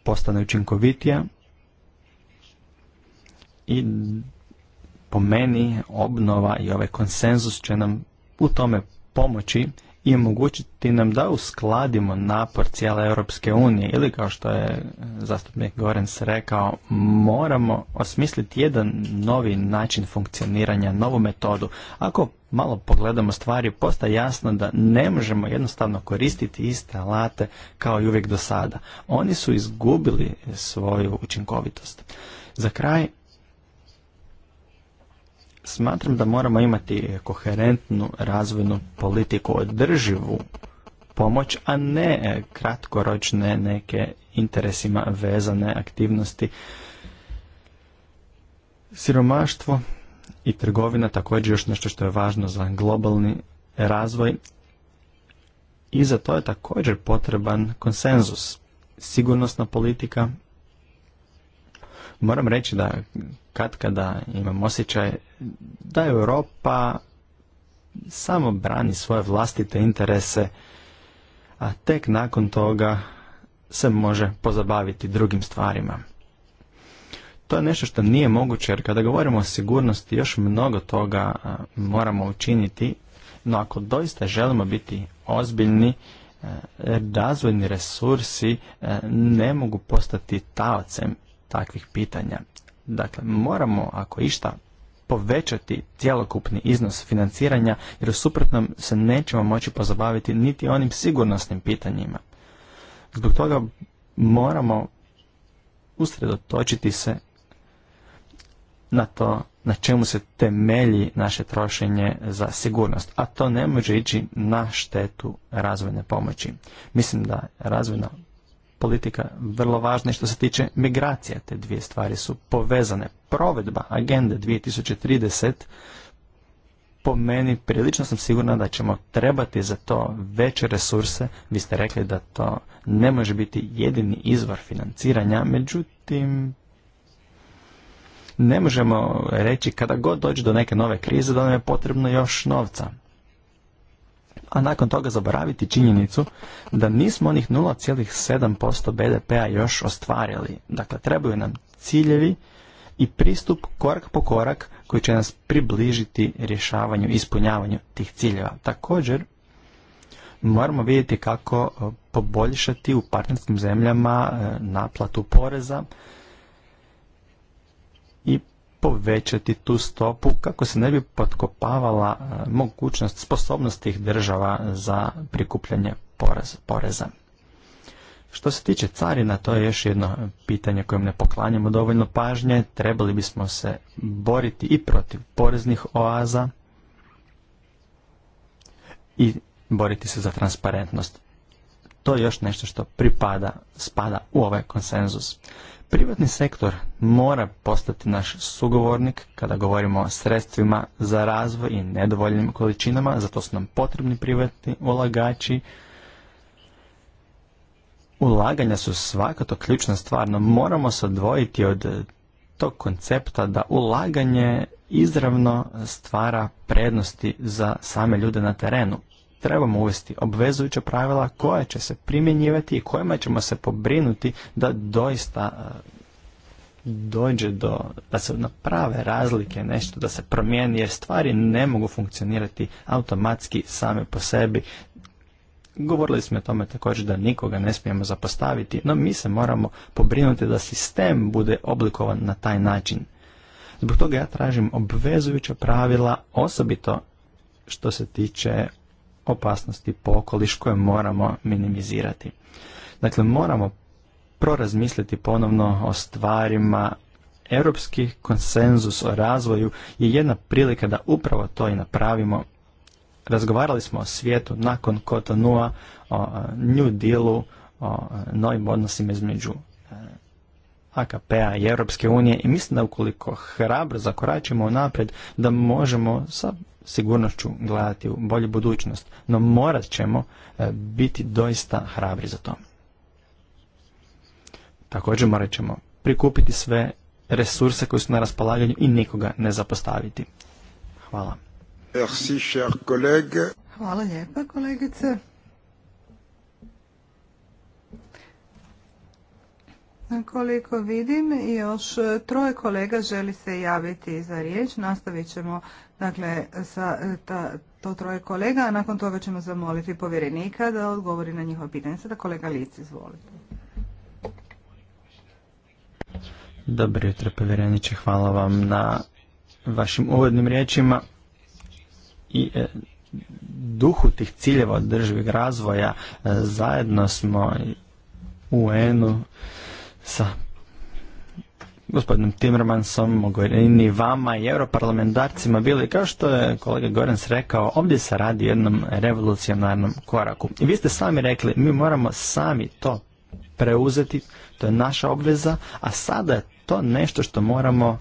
postane učinkovitija i po meni obnova i ovaj konsenzus će nam u tome pomoći i omogućiti nam da uskladimo napor cijele Europske unije ili kao što je e, zastupnik Gorens rekao, moramo osmisliti jedan novi način funkcioniranja, novu metodu. Ako malo pogledamo stvari, postaje jasno da ne možemo jednostavno koristiti iste alate kao i uvijek do sada. Oni su izgubili svoju učinkovitost. Za kraj, Smatram da moramo imati koherentnu razvojnu politiku, održivu pomoć, a ne kratkoročne neke interesima vezane aktivnosti. Siromaštvo i trgovina također još nešto što je važno za globalni razvoj i za to je također potreban konsenzus. Sigurnosna politika Moram reći da kad kada imam osjećaj da Europa samo brani svoje vlastite interese, a tek nakon toga se može pozabaviti drugim stvarima. To je nešto što nije moguće jer kada govorimo o sigurnosti još mnogo toga moramo učiniti, no ako doista želimo biti ozbiljni, e, razvojni resursi e, ne mogu postati taocem takvih pitanja. Dakle, moramo, ako išta, povećati cjelokupni iznos financiranja, jer u suprotnom se nećemo moći pozabaviti niti onim sigurnosnim pitanjima. Zbog toga moramo usredotočiti se na to na čemu se temelji naše trošenje za sigurnost, a to ne može ići na štetu razvojne pomoći. Mislim da razvojna politika vrlo važna što se tiče migracija. Te dvije stvari su povezane. Provedba agende 2030 po meni prilično sam sigurna da ćemo trebati za to veće resurse. Vi ste rekli da to ne može biti jedini izvor financiranja, međutim ne možemo reći kada god dođe do neke nove krize da nam je potrebno još novca a nakon toga zaboraviti činjenicu da nismo onih 0,7% BDP-a još ostvarili. Dakle, trebaju nam ciljevi i pristup korak po korak koji će nas približiti rješavanju, ispunjavanju tih ciljeva. Također, moramo vidjeti kako poboljšati u partnerskim zemljama e, naplatu poreza, povećati tu stopu kako se ne bi potkopavala e, mogućnost sposobnost tih država za prikupljanje poreza. Što se tiče carina, to je još jedno pitanje kojem ne poklanjamo dovoljno pažnje. Trebali bismo se boriti i protiv poreznih oaza i boriti se za transparentnost. To je još nešto što pripada, spada u ovaj konsenzus. Privatni sektor mora postati naš sugovornik kada govorimo o sredstvima za razvoj i nedovoljnim količinama, zato su nam potrebni privatni ulagači. Ulaganja su svakako ključna stvar, no moramo se odvojiti od tog koncepta da ulaganje izravno stvara prednosti za same ljude na terenu trebamo uvesti obvezujuća pravila koja će se primjenjivati i kojima ćemo se pobrinuti da doista e, dođe do, da se naprave razlike, nešto da se promijeni, jer stvari ne mogu funkcionirati automatski same po sebi. Govorili smo o tome također da nikoga ne smijemo zapostaviti, no mi se moramo pobrinuti da sistem bude oblikovan na taj način. Zbog toga ja tražim obvezujuća pravila, osobito što se tiče opasnosti po okoliš koje moramo minimizirati. Dakle, moramo prorazmisliti ponovno o stvarima. Europski konsenzus o razvoju je jedna prilika da upravo to i napravimo. Razgovarali smo o svijetu nakon Kotonua, o e, New Dealu, o e, novim odnosima između e, AKP-a i Europske unije i mislim da ukoliko hrabro zakoračimo naprijed da možemo sa sigurnošću gledati u bolju budućnost, no morat ćemo e, biti doista hrabri za to. Također morat ćemo prikupiti sve resurse koji su na raspolaganju i nikoga ne zapostaviti. Hvala. Hvala lijepa kolegice. Koliko vidim, još troje kolega želi se javiti za riječ. Nastavit ćemo dakle, sa ta, to troje kolega, a nakon toga ćemo zamoliti povjerenika da odgovori na njihova pitanja. Sada kolega Lic, izvolite. Dobro jutro, povjereniče. Hvala vam na vašim uvodnim riječima i e, duhu tih ciljeva održivog razvoja e, zajedno smo UN-u sa gospodinom Timmermansom, Mogorini vama i europarlamentarcima bili, kao što je kolega Gorens rekao, ovdje se radi o jednom revolucionarnom koraku. I vi ste sami rekli, mi moramo sami to preuzeti, to je naša obveza, a sada je to nešto što moramo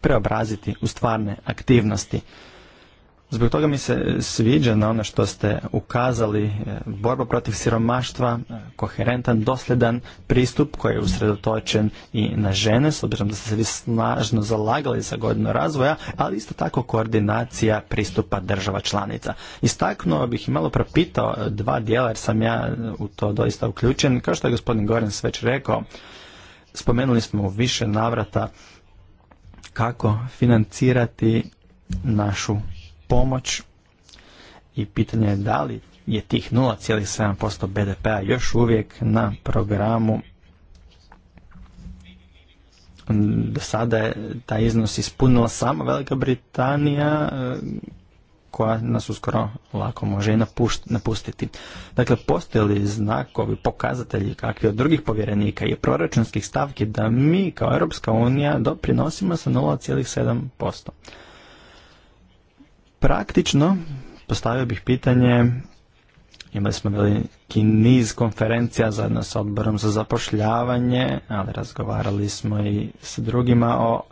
preobraziti u stvarne aktivnosti. Zbog toga mi se sviđa na ono što ste ukazali, e, borba protiv siromaštva, e, koherentan, dosljedan pristup koji je usredotočen i na žene, s obzirom da ste se vi snažno zalagali za godinu razvoja, ali isto tako koordinacija pristupa država članica. Istaknuo bih i malo propitao e, dva dijela jer sam ja u to doista uključen. Kao što je gospodin Gorens već rekao, spomenuli smo u više navrata kako financirati našu pomoć i pitanje je da li je tih 0,7% BDP-a još uvijek na programu do sada je taj iznos ispunila sama Velika Britanija e, koja nas uskoro lako može i napustiti. Dakle, postoje li znakovi, pokazatelji kakvi od drugih povjerenika i proračunskih stavki da mi kao Europska unija doprinosimo sa 0,7%. Praktično postavio bih pitanje, imali smo veliki niz konferencija zajedno sa odborom za zapošljavanje, ali razgovarali smo i s drugima o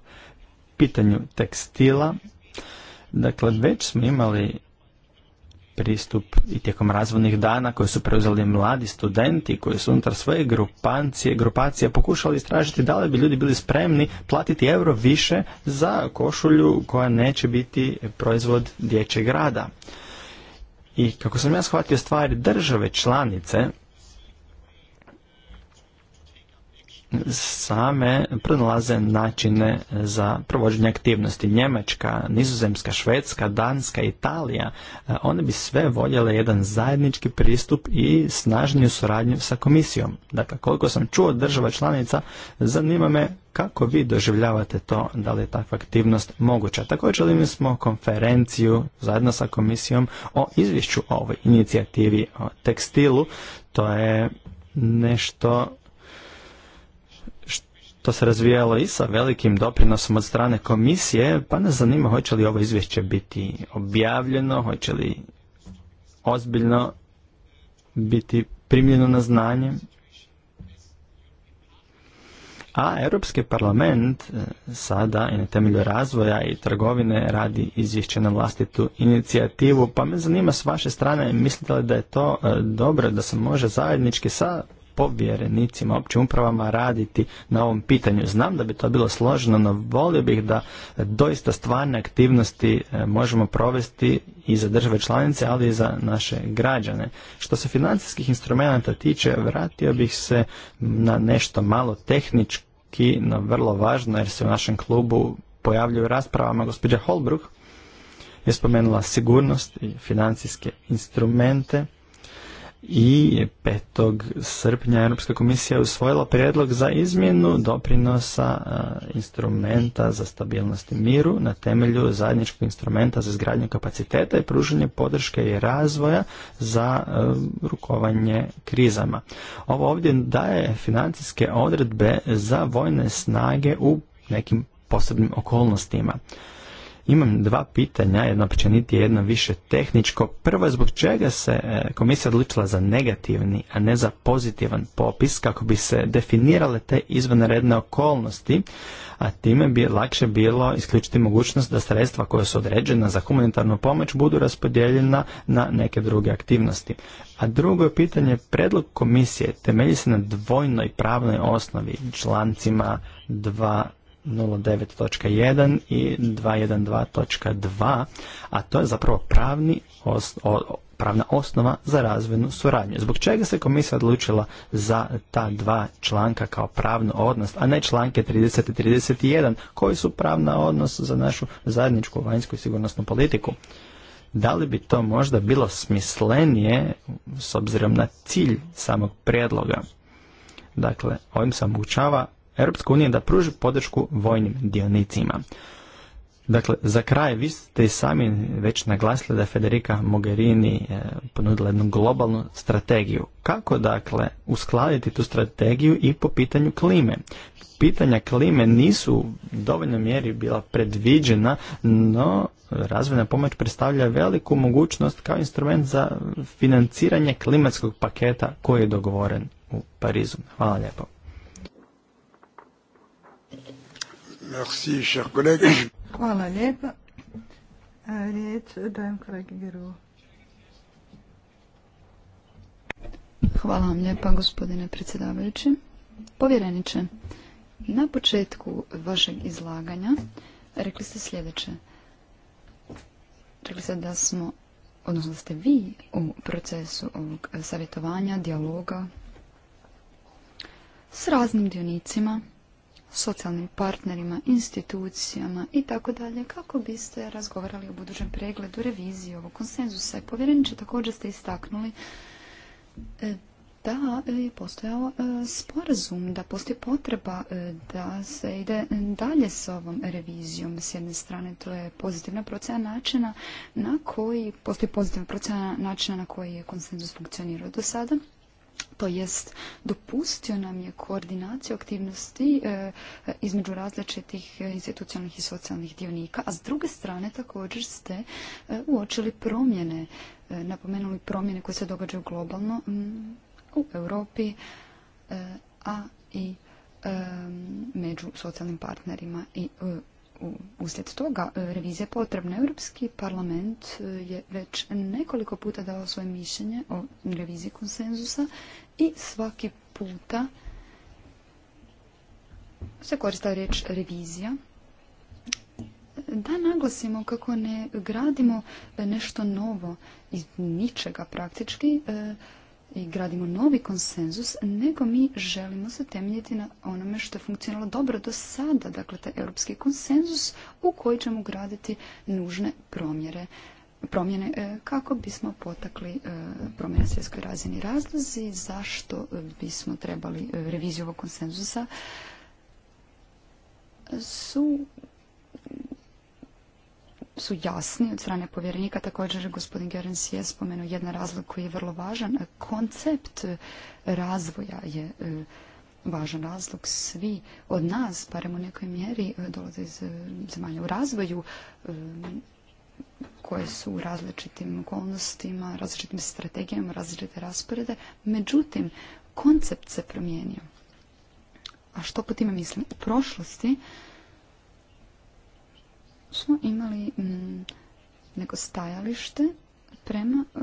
pitanju tekstila. Dakle, već smo imali pristup i tijekom razvojnih dana koje su preuzeli mladi studenti koji su unutar svoje grupancije, grupacije pokušali istražiti da li bi ljudi bili spremni platiti euro više za košulju koja neće biti proizvod dječjeg rada. I kako sam ja shvatio stvari države članice same pronalaze načine za provođenje aktivnosti. Njemačka, Nizozemska, Švedska, Danska, Italija, e, one bi sve voljele jedan zajednički pristup i snažniju suradnju sa komisijom. Dakle, koliko sam čuo država članica, zanima me kako vi doživljavate to, da li je takva aktivnost moguća. Također mi smo konferenciju zajedno sa komisijom o izvješću o ovoj inicijativi o tekstilu. To je nešto to se razvijalo i sa velikim doprinosom od strane komisije, pa nas zanima hoće li ovo izvješće biti objavljeno, hoće li ozbiljno biti primljeno na znanje. A Europski parlament e, sada i na temelju razvoja i trgovine radi izvješće na vlastitu inicijativu, pa me zanima s vaše strane, mislite li da je to e, dobro, da se može zajednički sa povjerenicima, općim upravama raditi na ovom pitanju. Znam da bi to bilo složeno, no volio bih da doista stvarne aktivnosti e, možemo provesti i za države članice, ali i za naše građane. Što se financijskih instrumenta tiče, vratio bih se na nešto malo tehnički, na vrlo važno, jer se u našem klubu pojavljuju raspravama gospođa Holbrook, je spomenula sigurnost i financijske instrumente i 5. srpnja Europska komisija usvojila predlog za izmjenu doprinosa instrumenta za stabilnost i miru na temelju zajedničkog instrumenta za izgradnju kapaciteta i pružanje podrške i razvoja za e, rukovanje krizama. Ovo ovdje daje financijske odredbe za vojne snage u nekim posebnim okolnostima. Imam dva pitanja, jedno općenitije, jedno više tehničko. Prvo je zbog čega se e, komisija odlučila za negativni, a ne za pozitivan popis kako bi se definirale te izvanredne okolnosti, a time bi lakše bilo isključiti mogućnost da sredstva koja su određena za humanitarnu pomoć budu raspodijeljena na neke druge aktivnosti. A drugo je pitanje, predlog komisije temelji se na dvojnoj pravnoj osnovi, člancima 2 09.1 i 212.2, a to je zapravo pravni pravna osnova za razvojnu suradnju. Zbog čega se komisija odlučila za ta dva članka kao pravnu odnos, a ne članke 30 i 31, koji su pravna odnos za našu zajedničku vanjsku i sigurnosnu politiku? Da li bi to možda bilo smislenije s obzirom na cilj samog prijedloga? Dakle, ovim se omogućava Europske unije da pruži podršku vojnim dionicima. Dakle, za kraj, vi ste i sami već naglasili da je Federica Mogherini eh, ponudila jednu globalnu strategiju. Kako, dakle, uskladiti tu strategiju i po pitanju klime? Pitanja klime nisu u dovoljnoj mjeri bila predviđena, no razvojna pomoć predstavlja veliku mogućnost kao instrument za financiranje klimatskog paketa koji je dogovoren u Parizu. Hvala lijepo. Merci, Hvala lijepa. Riječ dajem kolegi Geru. Hvala vam lijepa, gospodine predsjedavajući. Povjereniče, na početku vašeg izlaganja rekli ste sljedeće. Rekli ste da smo, odnosno da ste vi u procesu ovog savjetovanja, dijaloga s raznim dionicima, socijalnim partnerima, institucijama i tako dalje, kako biste razgovarali o budućem pregledu, reviziji ovog konsenzusa. I povjereniče također ste istaknuli e, da je postojao e, sporazum, da postoji potreba e, da se ide dalje s ovom revizijom. S jedne strane to je pozitivna procena načina na koji, postoji pozitivna procena načina na koji je konsenzus funkcionirao do sada to jest dopustio nam je koordinaciju aktivnosti e, e, između različitih e, institucionalnih i socijalnih dionika, a s druge strane također ste uočili promjene, napomenuli promjene koje se događaju globalno u Europi, a i među socijalnim partnerima i uslijed toga e, revizija potrebna. Europski parlament e, je već nekoliko puta dao svoje mišljenje o reviziji konsenzusa i svaki puta se koristila riječ revizija da naglasimo kako ne gradimo nešto novo iz ničega praktički, e, i gradimo novi konsenzus, nego mi želimo se temeljiti na onome što je funkcionalo dobro do sada, dakle taj europski konsenzus u koji ćemo graditi nužne promjere promjene e, kako bismo potakli e, promjene na svjetskoj razini razlozi, zašto bismo trebali e, reviziju ovog konsenzusa su su jasni od strane povjerenika. Također, gospodin Gerens je spomenuo jedan razlog koji je vrlo važan. Koncept razvoja je e, važan razlog. Svi od nas, barem u nekoj mjeri, e, dolaze iz e, zemalja u razvoju koje su u različitim okolnostima, različitim strategijama, različite rasporede. Međutim, koncept se promijenio. A što po time mislim? U prošlosti smo imali mm, neko stajalište prema e,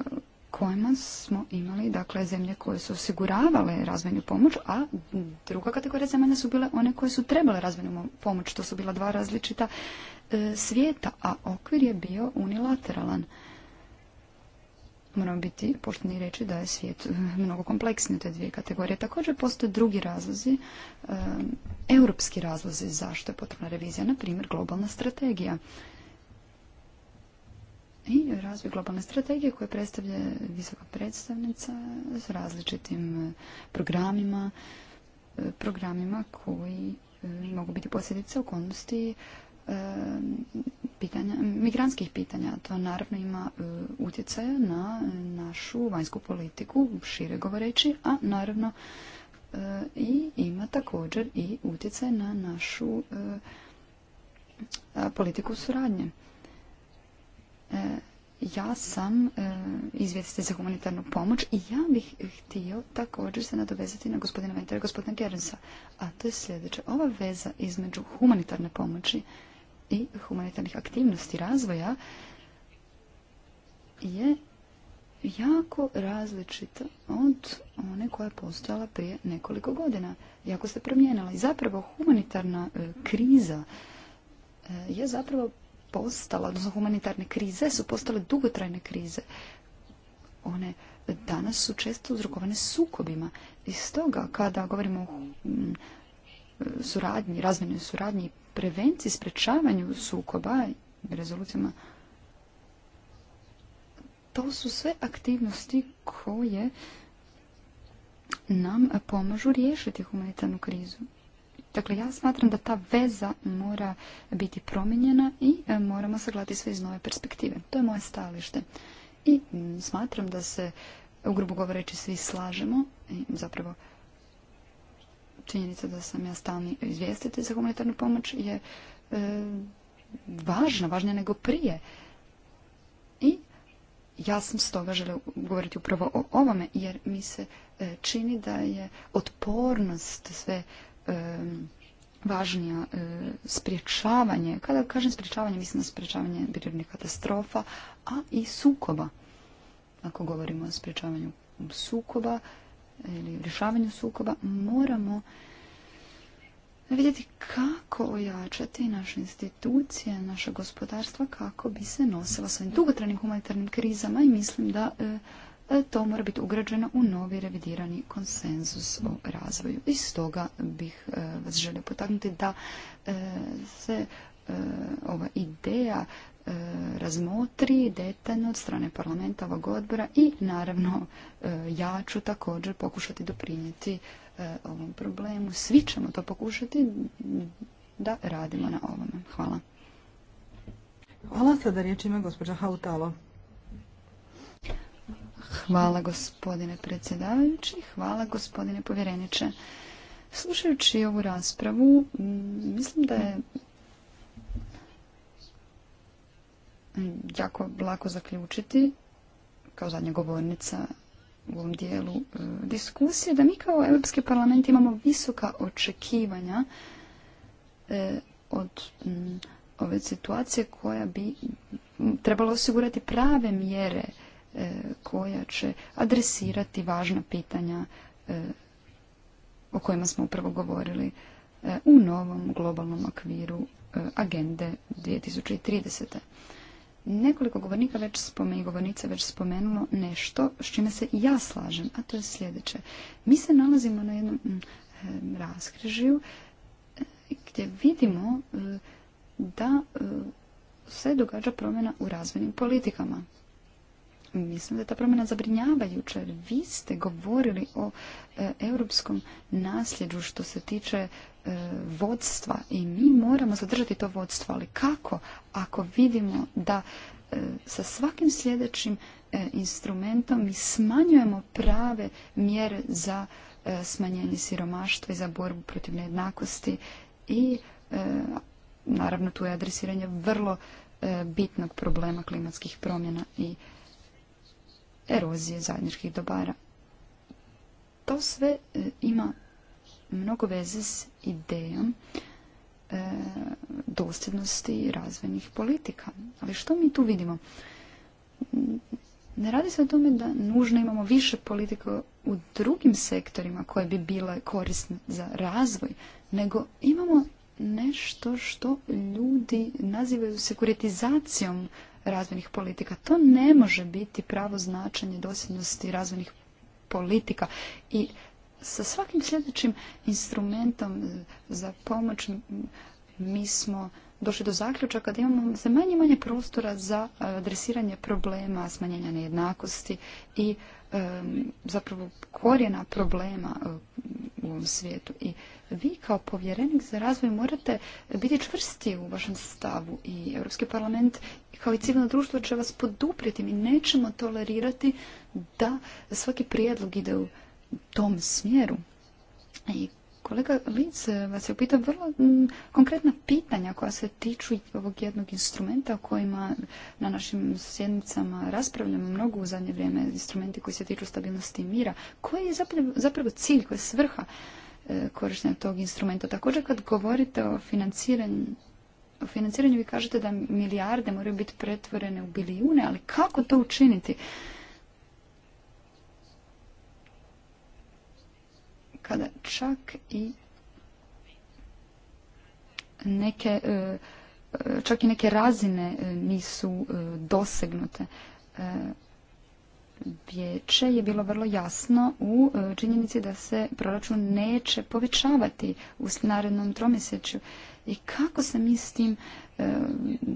kojima smo imali dakle zemlje koje su osiguravale razvojnu pomoć, a druga kategorija zemalja su bile one koje su trebale razvojnu pomoć, to su bila dva različita e, svijeta, a okvir je bio unilateralan. Moramo biti pošteni i reći da je svijet eh, mnogo kompleksniji u te dvije kategorije. Također postoje drugi razlozi, eh, europski razlozi zašto je potrebna revizija, na primjer globalna strategija. I razvoj globalne strategije koje predstavlja visoka predstavnica s različitim eh, programima, programima koji mogu biti posljedice okolnosti E, pitanja, migranskih pitanja. To naravno ima e, utjecaja na našu vanjsku politiku, šire govoreći, a naravno e, i ima također i utjecaj na našu politiku suradnje. Ja sam izvjestitelj za humanitarnu pomoć i ja bih htio također se nadovezati na gospodina Ventera i gospodina Gerensa. A to je sljedeće. Ova veza između humanitarne pomoći i humanitarnih aktivnosti razvoja je jako različita od one koja je postojala prije nekoliko godina. Jako se promijenila. I zapravo humanitarna e, kriza e, je zapravo postala, odnosno humanitarne krize su postale dugotrajne krize. One danas su često uzrokovane sukobima. I stoga kada govorimo o suradnji, razmjene suradnji, prevenciji, sprečavanju sukoba i rezolucijama. To su sve aktivnosti koje nam pomažu riješiti humanitarnu krizu. Dakle, ja smatram da ta veza mora biti promijenjena i e, moramo sagledati sve iz nove perspektive. To je moje stajalište. I smatram da se, e, u grubu govoreći, svi slažemo, zapravo činjenica da sam ja stalni izvjestitelj za humanitarnu pomoć je e, važna, važnija nego prije. I ja sam stoga želio govoriti upravo o ovome, jer mi se e, čini da je otpornost sve e, važnija spriječavanje. Kada kažem spriječavanje, mislim na spriječavanje prirodnih katastrofa, a i sukoba. Ako govorimo o spriječavanju sukoba, ili rješavanju sukoba, moramo vidjeti kako ojačati naše institucije, naše gospodarstva, kako bi se nosila s ovim dugotrajnim humanitarnim krizama i mislim da e, e, to mora biti ugrađeno u novi revidirani konsenzus o razvoju. I stoga bih e, vas želio potaknuti da se ova ideja E, razmotri detaljno od strane parlamenta ovog odbora i naravno e, ja ću također pokušati doprinijeti e, ovom problemu. Svi ćemo to pokušati da radimo na ovome. Hvala. Hvala sada riječ ima gospođa Hautalo. Hvala gospodine predsjedavajući, hvala gospodine povjereniče. Slušajući ovu raspravu, mislim da je jako lako zaključiti, kao zadnja govornica u ovom dijelu e, diskusije, da mi kao Europski parlament imamo visoka očekivanja e, od ove situacije koja bi trebalo osigurati prave mjere e, koja će adresirati važna pitanja o kojima smo upravo govorili u novom globalnom okviru agende 2030. Nekoliko govornika već spomenu, govornica već spomenulo nešto s čime se ja slažem, a to je sljedeće. Mi se nalazimo na jednom mm, e, raskrižju gdje vidimo e, da e, se događa promjena u razvojnim politikama. Mislim da je ta promjena zabrinjavajuća jer vi ste govorili o e, europskom nasljeđu što se tiče E, vodstva i mi moramo zadržati to vodstvo, ali kako ako vidimo da e, sa svakim sljedećim e, instrumentom mi smanjujemo prave mjere za smanjenje siromaštva i za borbu protiv nejednakosti i naravno tu je adresiranje vrlo bitnog problema klimatskih promjena i erozije zajedničkih dobara. To sve ima mnogo veze s idejom e, dosljednosti razvojnih politika. Ali što mi tu vidimo? Ne radi se o tome da nužno imamo više politika u drugim sektorima koje bi bile korisne za razvoj, nego imamo nešto što ljudi nazivaju sekuritizacijom razvojnih politika. To ne može biti pravo značenje dosljednosti razvojnih politika i sa svakim sljedećim instrumentom za pomoć mi smo došli do zaključaka da imamo za manje i manje prostora za e, adresiranje problema, smanjenja nejednakosti i e, zapravo korijena problema e, u ovom svijetu. I vi kao povjerenik za razvoj morate biti čvrsti u vašem stavu i Europski parlament kao i civilno društvo će vas poduprijeti. Mi nećemo tolerirati da svaki prijedlog ide u tom smjeru. I kolega Linc eh, vas je upitao vrlo mm, konkretna pitanja koja se tiču ovog jednog instrumenta o kojima na našim sjednicama raspravljamo mnogo u zadnje vrijeme, instrumenti koji se tiču stabilnosti i mira. Koji je zapravo, cilj, koja je svrha eh, korištenja tog instrumenta? Također kad govorite o financiranju o financiranju vi kažete da milijarde moraju biti pretvorene u bilijune, ali kako to učiniti? kada čak i neke e, čak i neke razine e, nisu e, dosegnute. Vijeće je bilo vrlo jasno u činjenici da se proračun neće povećavati u narednom tromjesečju. I kako se mi s tim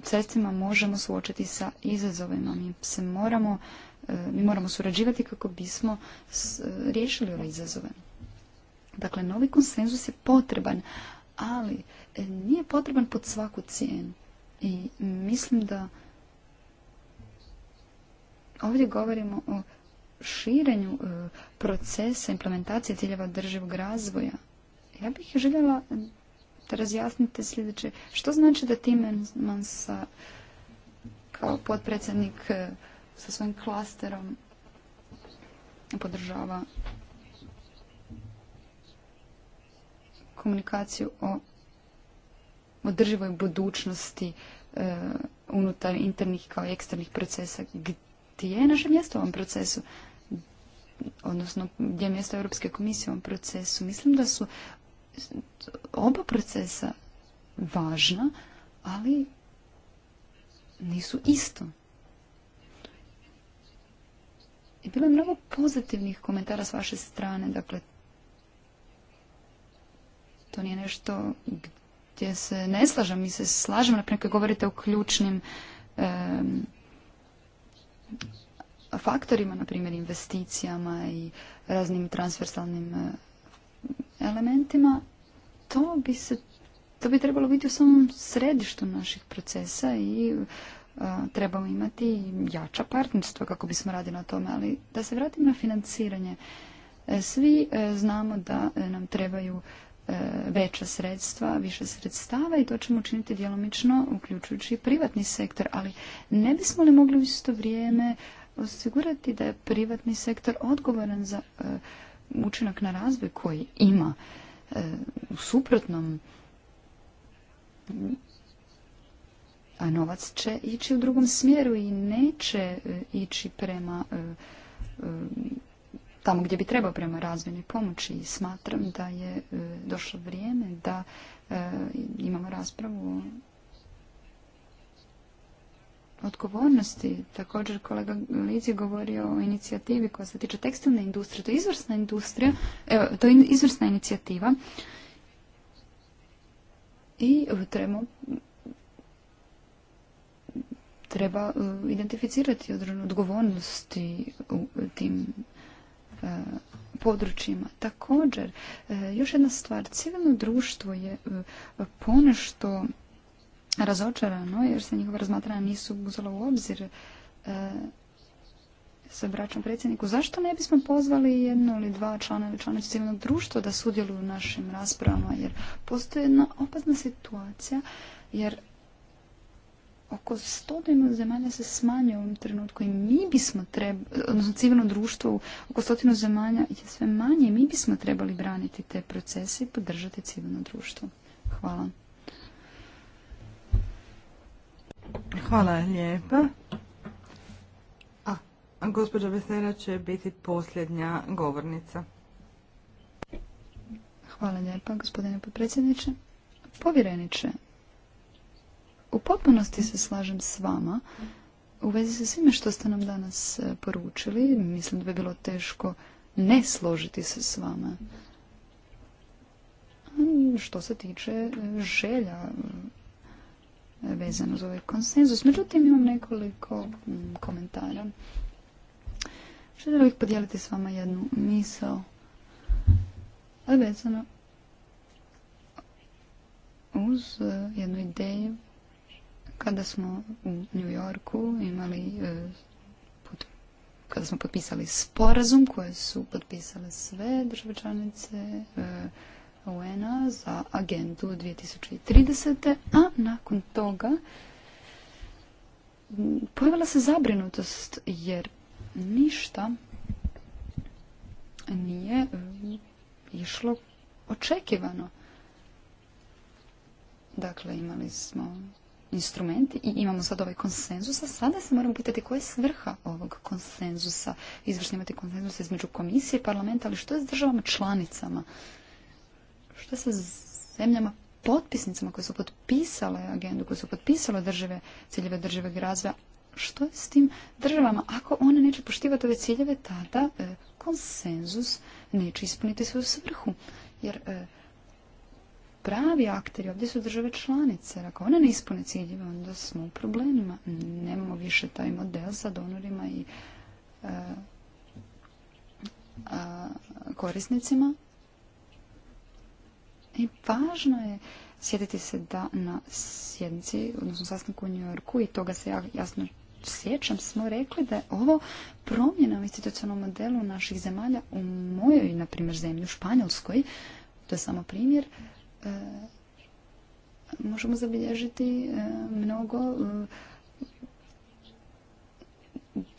sredstvima možemo suočiti sa izazovima? Mi se moramo, mi moramo surađivati kako bismo riješili ove izazove. Dakle, novi konsenzus je potreban, ali e, nije potreban pod svaku cijenu. I mislim da ovdje govorimo o širenju e, procesa implementacije ciljeva održivog razvoja. Ja bih željela e, da razjasnite sljedeće. Što znači da Mansa kao potpredsjednik sa svojim klasterom podržava komunikaciju o održivoj budućnosti e, unutar internih kao i eksternih procesa. Gdje je naše mjesto u ovom procesu? Odnosno, gdje je mjesto Europske komisije u ovom procesu? Mislim da su oba procesa važna, ali nisu isto. I bilo je mnogo pozitivnih komentara s vaše strane, dakle, to nije nešto gdje se ne slažem. Mi se slažem, naprimjer, kad govorite o ključnim faktorima, na primjer investicijama i raznim transversalnim eh, elementima, to bi se to bi trebalo biti u samom središtu naših procesa i a, eh, trebamo imati jača partnerstva kako bismo radili na tome. Ali da se vratim na financiranje. Eh, svi znamo da nam trebaju E, veća sredstva, više sredstava i to ćemo učiniti djelomično uključujući i privatni sektor, ali ne bismo li mogli u isto vrijeme osigurati da je privatni sektor odgovoran za e, učinak na razvoj koji ima e, u suprotnom a novac će ići u drugom smjeru i neće ići prema tamo gdje bi trebao prema razvojnoj pomoći i smatram da je e, došlo vrijeme da e, imamo raspravu odgovornosti. Također kolega Liz je govorio o inicijativi koja se tiče tekstilne industrije. To je izvrsna industrija, to je izvrsna inicijativa i trebamo treba e, identificirati odgovornosti u tim E, područjima. Također, e, još jedna stvar, civilno društvo je e, ponešto razočarano jer se njihova razmatranja nisu uzela u obzir sa braćom predsjedniku, zašto ne bismo pozvali jedno ili dva člana ili člana civilnog društva da sudjeluju u našim raspravama, jer postoji jedna opasna situacija, jer oko stotinu zemalja se smanjuje u ovom trenutku i mi bismo trebali, odnosno civilno društvo oko stotinu zemalja je sve manje i mi bismo trebali braniti te procese i podržati civilno društvo. Hvala. Hvala lijepa. A, gospođa Besnera će biti posljednja govornica. Hvala lijepa, gospodine potpredsjedniče. Povjereniče, u potpunosti se slažem s vama. U vezi sa svime što ste nam danas e, poručili, mislim da bi bilo teško ne složiti se s vama. Što se tiče e, želja e, vezano za ovaj konsenzus. Međutim, imam nekoliko komentara. Želim bih podijeliti s vama jednu misao. Vezano uz jednu ideju kada smo u New Yorku imali e, kada smo potpisali sporazum koje su potpisale sve države članice e, UN-a za agendu 2030. A nakon toga pojavila se zabrinutost jer ništa nije e, išlo očekivano. Dakle, imali smo instrumenti i imamo sad ovaj konsenzus, a sada se moramo pitati koja je svrha ovog konsenzusa. Izvršno imati konsenzus između komisije i parlamenta, ali što je s državama članicama? Što je sa zemljama potpisnicama koje su potpisale agendu, koje su potpisale države, ciljeve države razvoja? Što je s tim državama? Ako one neće poštivati ove ciljeve, tada e, konsenzus neće ispuniti svoju svrhu. Jer e, pravi akteri ovdje su države članice. Ako one ne ispune ciljeve, onda smo u problemima. Nemamo više taj model sa donorima i e, korisnicima. I važno je sjetiti se da na sjednici, odnosno sastanku u New Yorku, i toga se ja jasno sjećam, smo rekli da je ovo promjena u institucionalnom modelu naših zemalja u mojoj, na primjer, zemlji, u Španjolskoj, to je samo primjer, E, možemo zabilježiti e, mnogo e,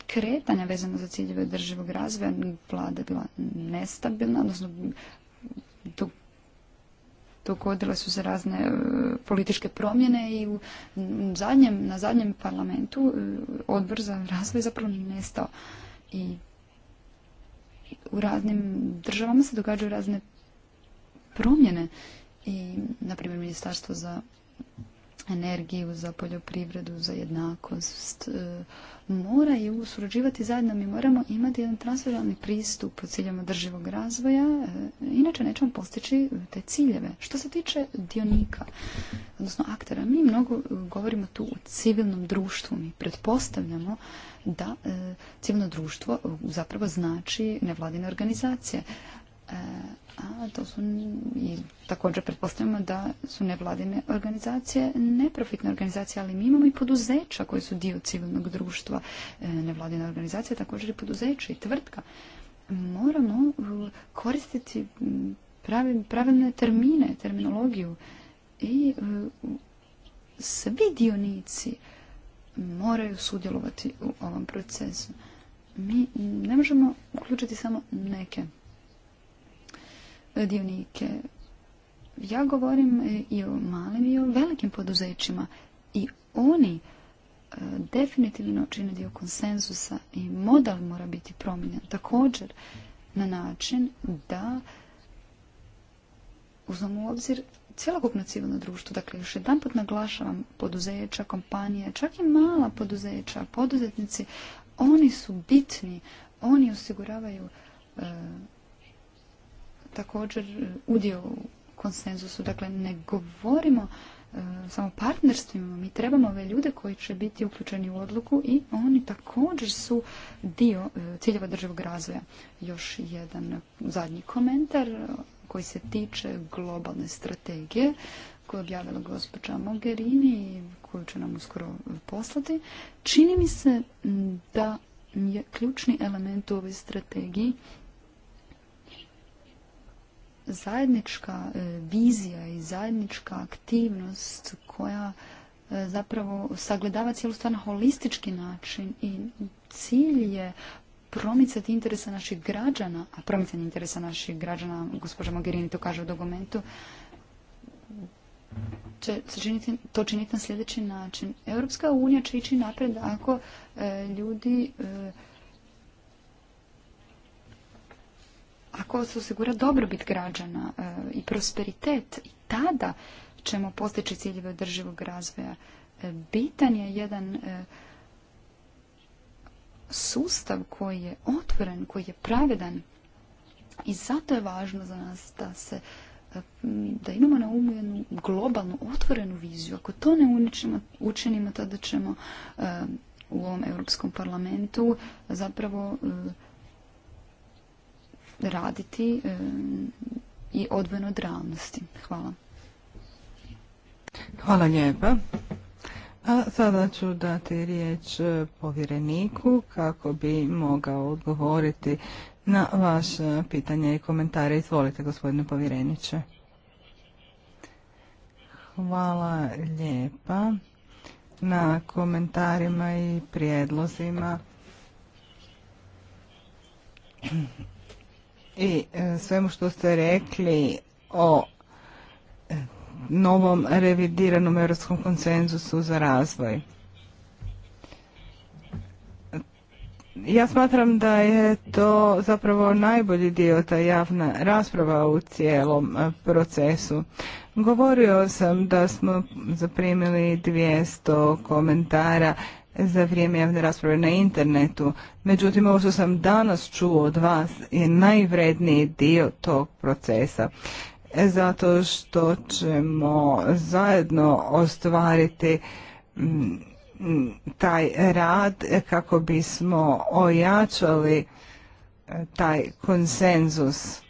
kretanja vezano za ciljeve održivog razvoja. Vlada je bila nestabilna, odnosno dogodile su se razne političke promjene i u na zadnjem parlamentu odbor za razvoj zapravo nestao. I u raznim državama se događaju razne promjene i, na primjer, Ministarstvo za energiju, za poljoprivredu, za jednakost, e, moraju surađivati zajedno. Mi moramo imati jedan transferalni pristup u ciljama drživog razvoja, e, inače nećemo postići te ciljeve. Što se tiče dionika, odnosno aktera, mi mnogo govorimo tu o civilnom društvu. Mi pretpostavljamo da e, civilno društvo zapravo znači nevladine organizacije. E, a to su i također pretpostavljamo da su nevladine organizacije neprofitne organizacije, ali mi imamo i poduzeća koji su dio civilnog društva e, nevladine organizacije, također i poduzeća i tvrtka. Moramo koristiti pravilne termine, terminologiju i e, svi dionici moraju sudjelovati u ovom procesu. Mi ne možemo uključiti samo neke dionike. Ja govorim e, i o malim i o velikim poduzećima i oni e, definitivno čine dio konsenzusa i model mora biti promijenjen također na način da uzmemo u obzir cjelokupno civilno društvo. Dakle, još jedan put naglašavam poduzeća, kompanije, čak i mala poduzeća, poduzetnici, oni su bitni, oni osiguravaju e, također e, udio u konsenzusu. Dakle, ne govorimo e, samo partnerstvima, mi trebamo ove ljude koji će biti uključeni u odluku i oni također su dio e, ciljeva državog razvoja. Još jedan zadnji komentar koji se tiče globalne strategije koju je objavila gospođa Mogherini i koju će nam uskoro poslati. Čini mi se da je ključni element u ovoj strategiji zajednička e, vizija i zajednička aktivnost koja e, zapravo sagledava cijelu stvar na holistički način i cilj je promicati interesa naših građana, a promicanje interesa naših građana, gospođa Mogherini to kaže u dokumentu, će to činiti na sljedeći način. Europska unija će ići napred ako e, ljudi ako se osigura dobrobit građana e, i prosperitet, i tada ćemo postići ciljeve održivog razvoja. E, bitan je jedan e, sustav koji je otvoren, koji je pravedan i zato je važno za nas da se da imamo na umu jednu globalnu, otvorenu viziju. Ako to ne uničimo, učinimo, tada ćemo u ovom Europskom parlamentu zapravo raditi eh, i odvojno od realnosti. Hvala. Hvala lijepa. A sada ću dati riječ eh, povjereniku kako bi mogao odgovoriti na vaše pitanje i komentare. Izvolite, gospodine povjereniče. Hvala lijepa na komentarima i prijedlozima i e, svemu što ste rekli o e, novom revidiranom europskom konsenzusu za razvoj. Ja smatram da je to zapravo najbolji dio ta javna rasprava u cijelom e, procesu. Govorio sam da smo zaprimili 200 komentara za vrijeme javne rasprave na internetu. Međutim, ovo što sam danas čuo od vas je najvredniji dio tog procesa. E, zato što ćemo zajedno ostvariti mm, taj rad kako bismo ojačali e, taj konsenzus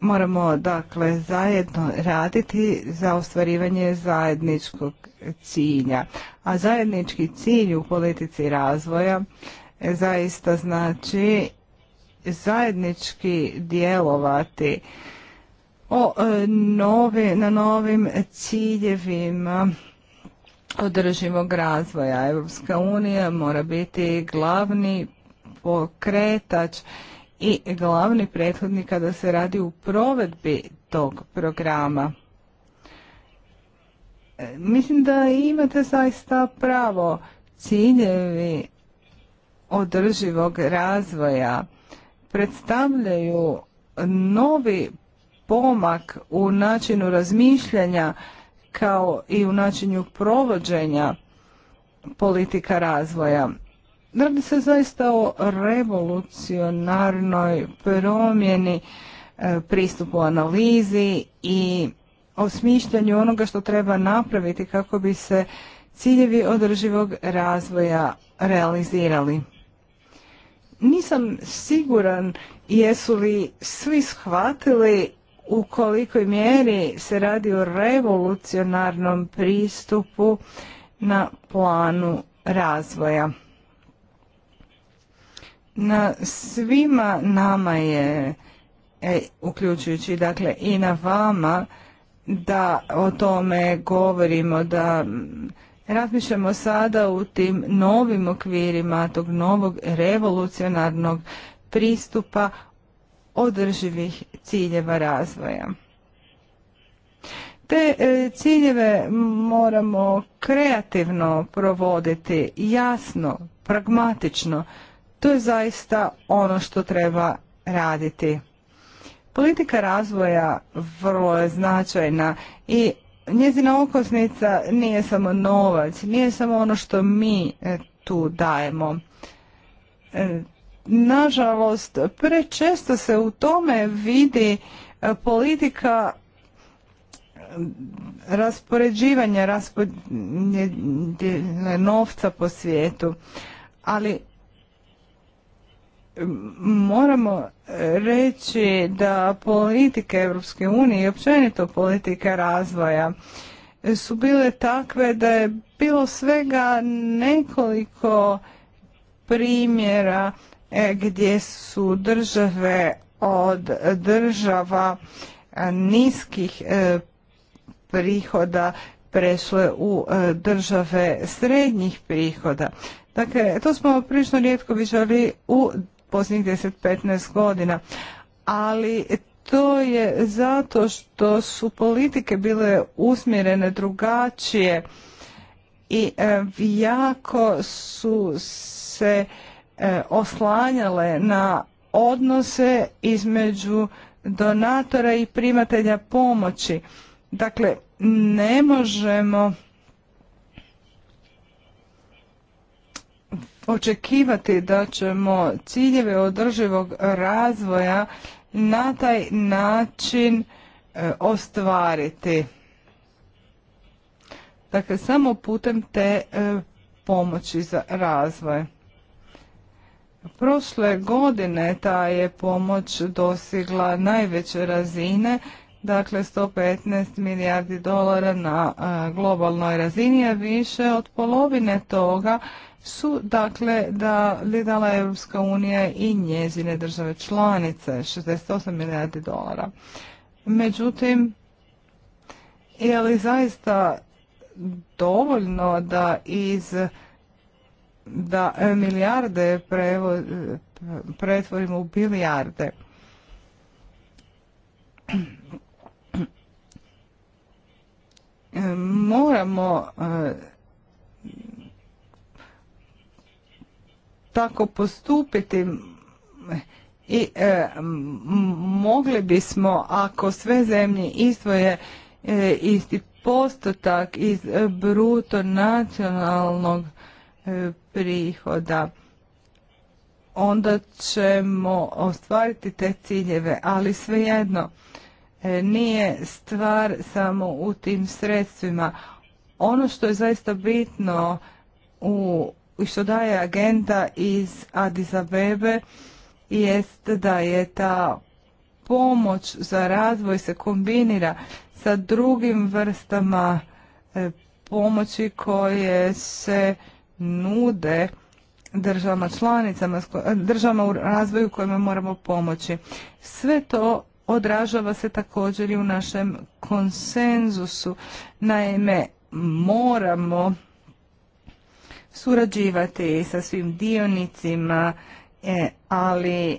Moramo dakle zajedno raditi za ostvarivanje zajedničkog cilja. A zajednički cilj u politici razvoja e, zaista znači zajednički djelovati o, e, na novim ciljevima održivog razvoja. Europska unija mora biti glavni pokretač i glavni prethodnik kada se radi u provedbi tog programa. E, mislim da imate zaista pravo ciljevi održivog razvoja predstavljaju novi pomak u načinu razmišljanja kao i u načinu provođenja politika razvoja. Radi se zaista o revolucionarnoj promjeni e, pristupu analizi i osmišljanju onoga što treba napraviti kako bi se ciljevi održivog razvoja realizirali. Nisam siguran jesu li svi shvatili u kolikoj mjeri se radi o revolucionarnom pristupu na planu razvoja na svima nama je, e, uključujući dakle i na vama, da o tome govorimo, da razmišljamo sada u tim novim okvirima tog novog revolucionarnog pristupa održivih ciljeva razvoja. Te e, ciljeve moramo kreativno provoditi, jasno, pragmatično, to je zaista ono što treba raditi. Politika razvoja vrlo je značajna i njezina okosnica nije samo novac, nije samo ono što mi e, tu dajemo. E, nažalost, prečesto se u tome vidi e, politika raspoređivanja novca po svijetu. Ali moramo reći da politike Europske unije i općenito politika razvoja su bile takve da je bilo svega nekoliko primjera e, gdje su države od država niskih e, prihoda prešle u e, države srednjih prihoda. Dakle, to smo prilično rijetko viđali u posljednjih 10-15 godina. Ali to je zato što su politike bile usmjerene drugačije i e, jako su se e, oslanjale na odnose između donatora i primatelja pomoći. Dakle, ne možemo očekivati da ćemo ciljeve održivog razvoja na taj način e, ostvariti. Dakle, samo putem te e, pomoći za razvoj. Prošle godine ta je pomoć dosigla najveće razine, dakle 115 milijardi dolara na e, globalnoj razini, a više od polovine toga su dakle da li dala Europska unija i njezine države članice 68 milijardi dolara. Međutim, je li zaista dovoljno da iz da milijarde pretvorimo u bilijarde? Moramo tako postupiti i e, mogli bismo ako sve zemlje izdvoje e, isti postotak iz bruto nacionalnog e, prihoda onda ćemo ostvariti te ciljeve ali svejedno nije stvar samo u tim sredstvima ono što je zaista bitno u što daje agenda iz Addis Abebe jest da je ta pomoć za razvoj se kombinira sa drugim vrstama e, pomoći koje se nude državama članicama, e, državama u razvoju kojima moramo pomoći. Sve to odražava se također i u našem konsenzusu. Naime, moramo surađivati sa svim dionicima, e, ali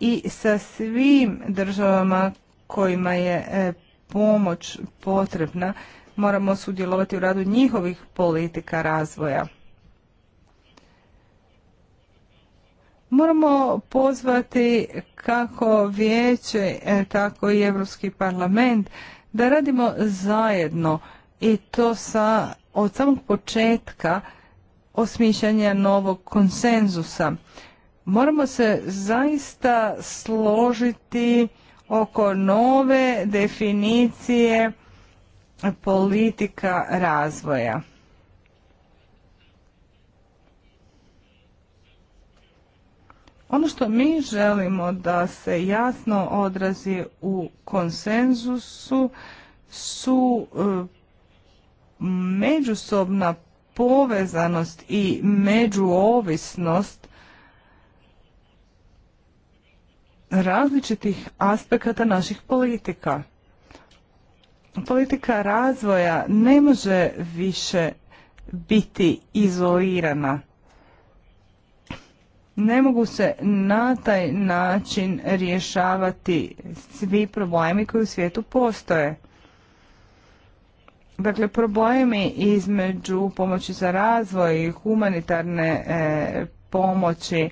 i sa svim državama kojima je e, pomoć potrebna, moramo sudjelovati u radu njihovih politika razvoja. Moramo pozvati kako vijeće, e, tako i Europski parlament da radimo zajedno i to sa od samog početka osmišljanja novog konsenzusa. Moramo se zaista složiti oko nove definicije politika razvoja. Ono što mi želimo da se jasno odrazi u konsenzusu su e, međusobna povezanost i međuovisnost različitih aspekata naših politika. Politika razvoja ne može više biti izolirana. Ne mogu se na taj način rješavati svi problemi koji u svijetu postoje. Dakle, problemi između pomoći za razvoj i humanitarne e, pomoći,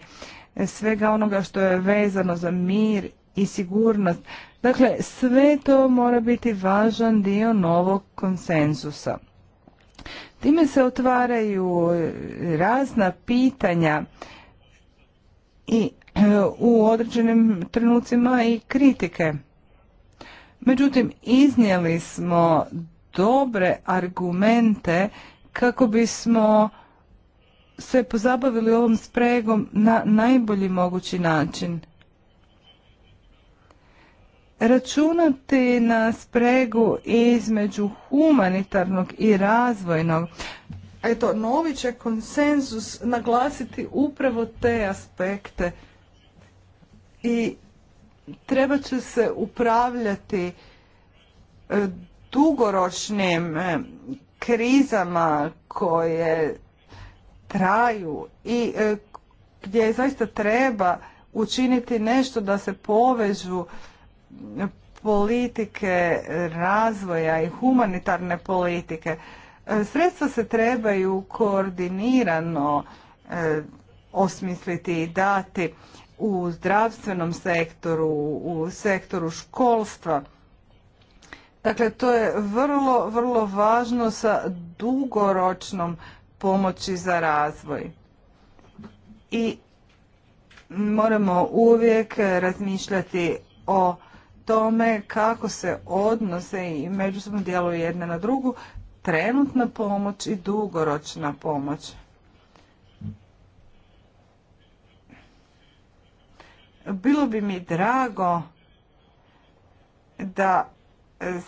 svega onoga što je vezano za mir i sigurnost. Dakle, sve to mora biti važan dio novog konsenzusa. Time se otvaraju razna pitanja i u određenim trenucima i kritike. Međutim, iznijeli smo dobre argumente kako bismo se pozabavili ovom spregom na najbolji mogući način. Računati na spregu između humanitarnog i razvojnog. Eto, novi će konsenzus naglasiti upravo te aspekte i treba će se upravljati e, dugoročnim e, krizama koje traju i e, gdje zaista treba učiniti nešto da se povežu politike razvoja i humanitarne politike. E, sredstva se trebaju koordinirano osmisliti i dati u zdravstvenom sektoru, u sektoru školstva Dakle, to je vrlo, vrlo važno sa dugoročnom pomoći za razvoj. I moramo uvijek razmišljati o tome kako se odnose i međusobno djeluju jedna na drugu, trenutna pomoć i dugoročna pomoć. Bilo bi mi drago da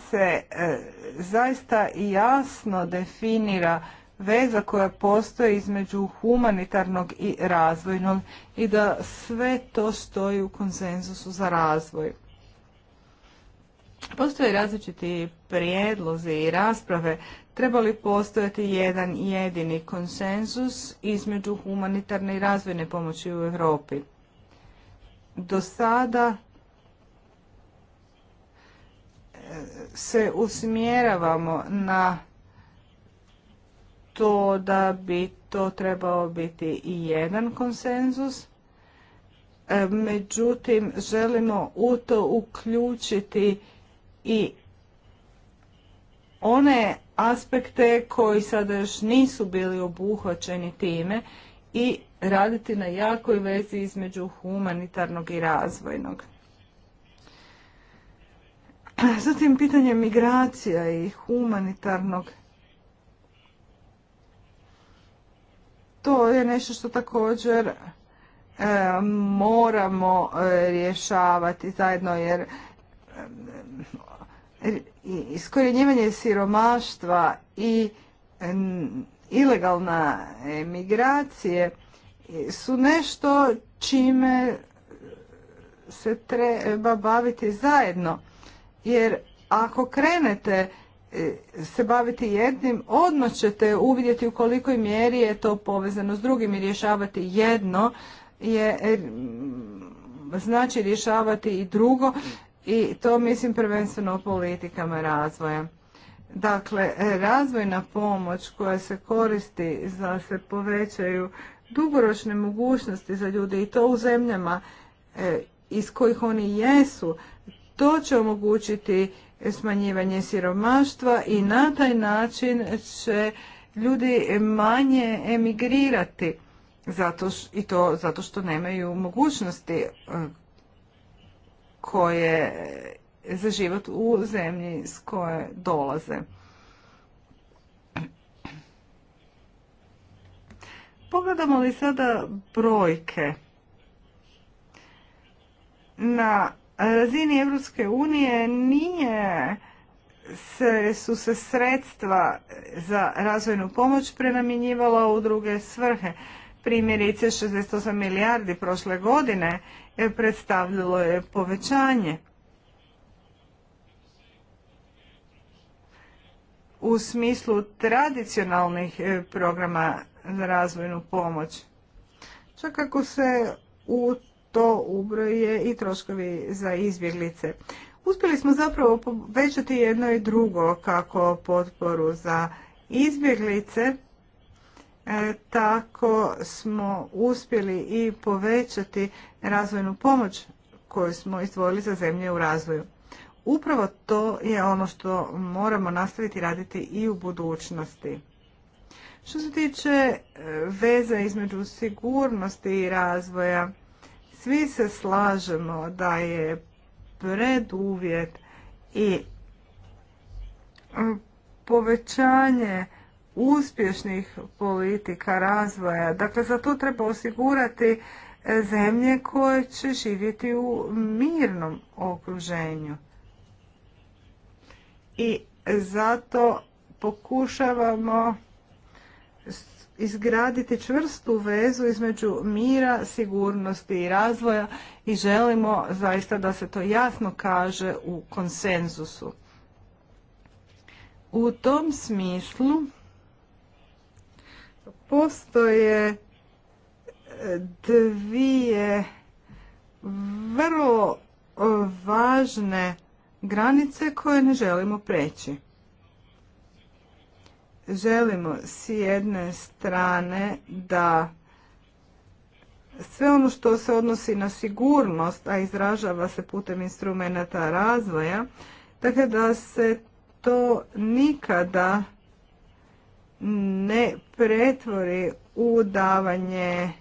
se e, zaista jasno definira veza koja postoji između humanitarnog i razvojnog i da sve to stoji u konsenzusu za razvoj. Postoje različiti prijedlozi i rasprave. Treba li postojati jedan jedini konsenzus između humanitarne i razvojne pomoći u Europi? Do sada se usmjeravamo na to da bi to trebao biti i jedan konsenzus. E, međutim, želimo u to uključiti i one aspekte koji sada još nisu bili obuhvaćeni time i raditi na jakoj vezi između humanitarnog i razvojnog. Zatim pitanje migracija i humanitarnog. To je nešto što također e, moramo e, rješavati zajedno jer e, iskorjenjivanje siromaštva i ilegalna migracije su nešto čime se treba baviti zajedno jer ako krenete e, se baviti jednim, odmah ćete uvidjeti u kolikoj mjeri je to povezano s drugim i rješavati jedno je e, znači rješavati i drugo i to mislim prvenstveno o politikama razvoja. Dakle, razvojna pomoć koja se koristi za se povećaju dugoročne mogućnosti za ljude i to u zemljama e, iz kojih oni jesu, to će omogućiti smanjivanje siromaštva i na taj način će ljudi manje emigrirati zato i to zato što nemaju mogućnosti e, koje za život u zemlji s koje dolaze. Pogledamo li sada brojke na razini Europske unije nije se, su se sredstva za razvojnu pomoć prenamjenjivala u druge svrhe. Primjerice 68 milijardi prošle godine predstavljalo je povećanje. u smislu tradicionalnih e, programa za razvojnu pomoć. Čak ako se u to ubroje i troškovi za izbjeglice. Uspjeli smo zapravo povećati jedno i drugo kako potporu za izbjeglice, e, tako smo uspjeli i povećati razvojnu pomoć koju smo izdvojili za zemlje u razvoju. Upravo to je ono što moramo nastaviti raditi i u budućnosti. Što se tiče e, veza između sigurnosti i razvoja, svi se slažemo da je preduvjet i e, povećanje uspješnih politika razvoja. Dakle, za to treba osigurati e, zemlje koje će živjeti u mirnom okruženju. I zato pokušavamo izgraditi čvrstu vezu između mira, sigurnosti i razvoja i želimo zaista da se to jasno kaže u konsenzusu. U tom smislu postoje e, dvije vrlo e, važne granice koje ne želimo preći želimo s jedne strane da sve ono što se odnosi na sigurnost, a izražava se putem instrumenta razvoja, tako dakle da se to nikada ne pretvori u davanje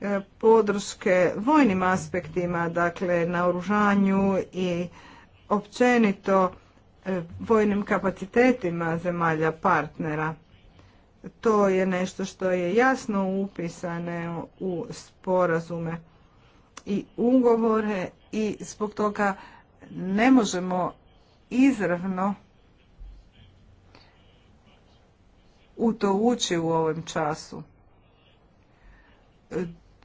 e, podrške vojnim aspektima, dakle na oružanju i općenito E, vojnim kapacitetima zemalja partnera. To je nešto što je jasno upisane u sporazume i ugovore i zbog toga ne možemo izravno u to ući u ovom času.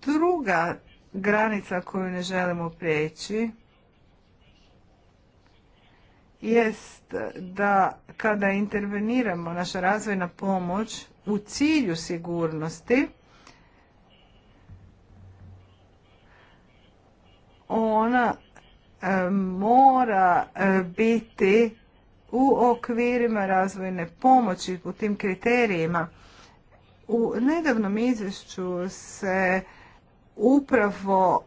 Druga granica koju ne želimo prijeći jest da kada interveniramo naša razvojna pomoć u cilju sigurnosti, ona e, mora e, biti u okvirima razvojne pomoći, u tim kriterijima. U nedavnom izvješću se upravo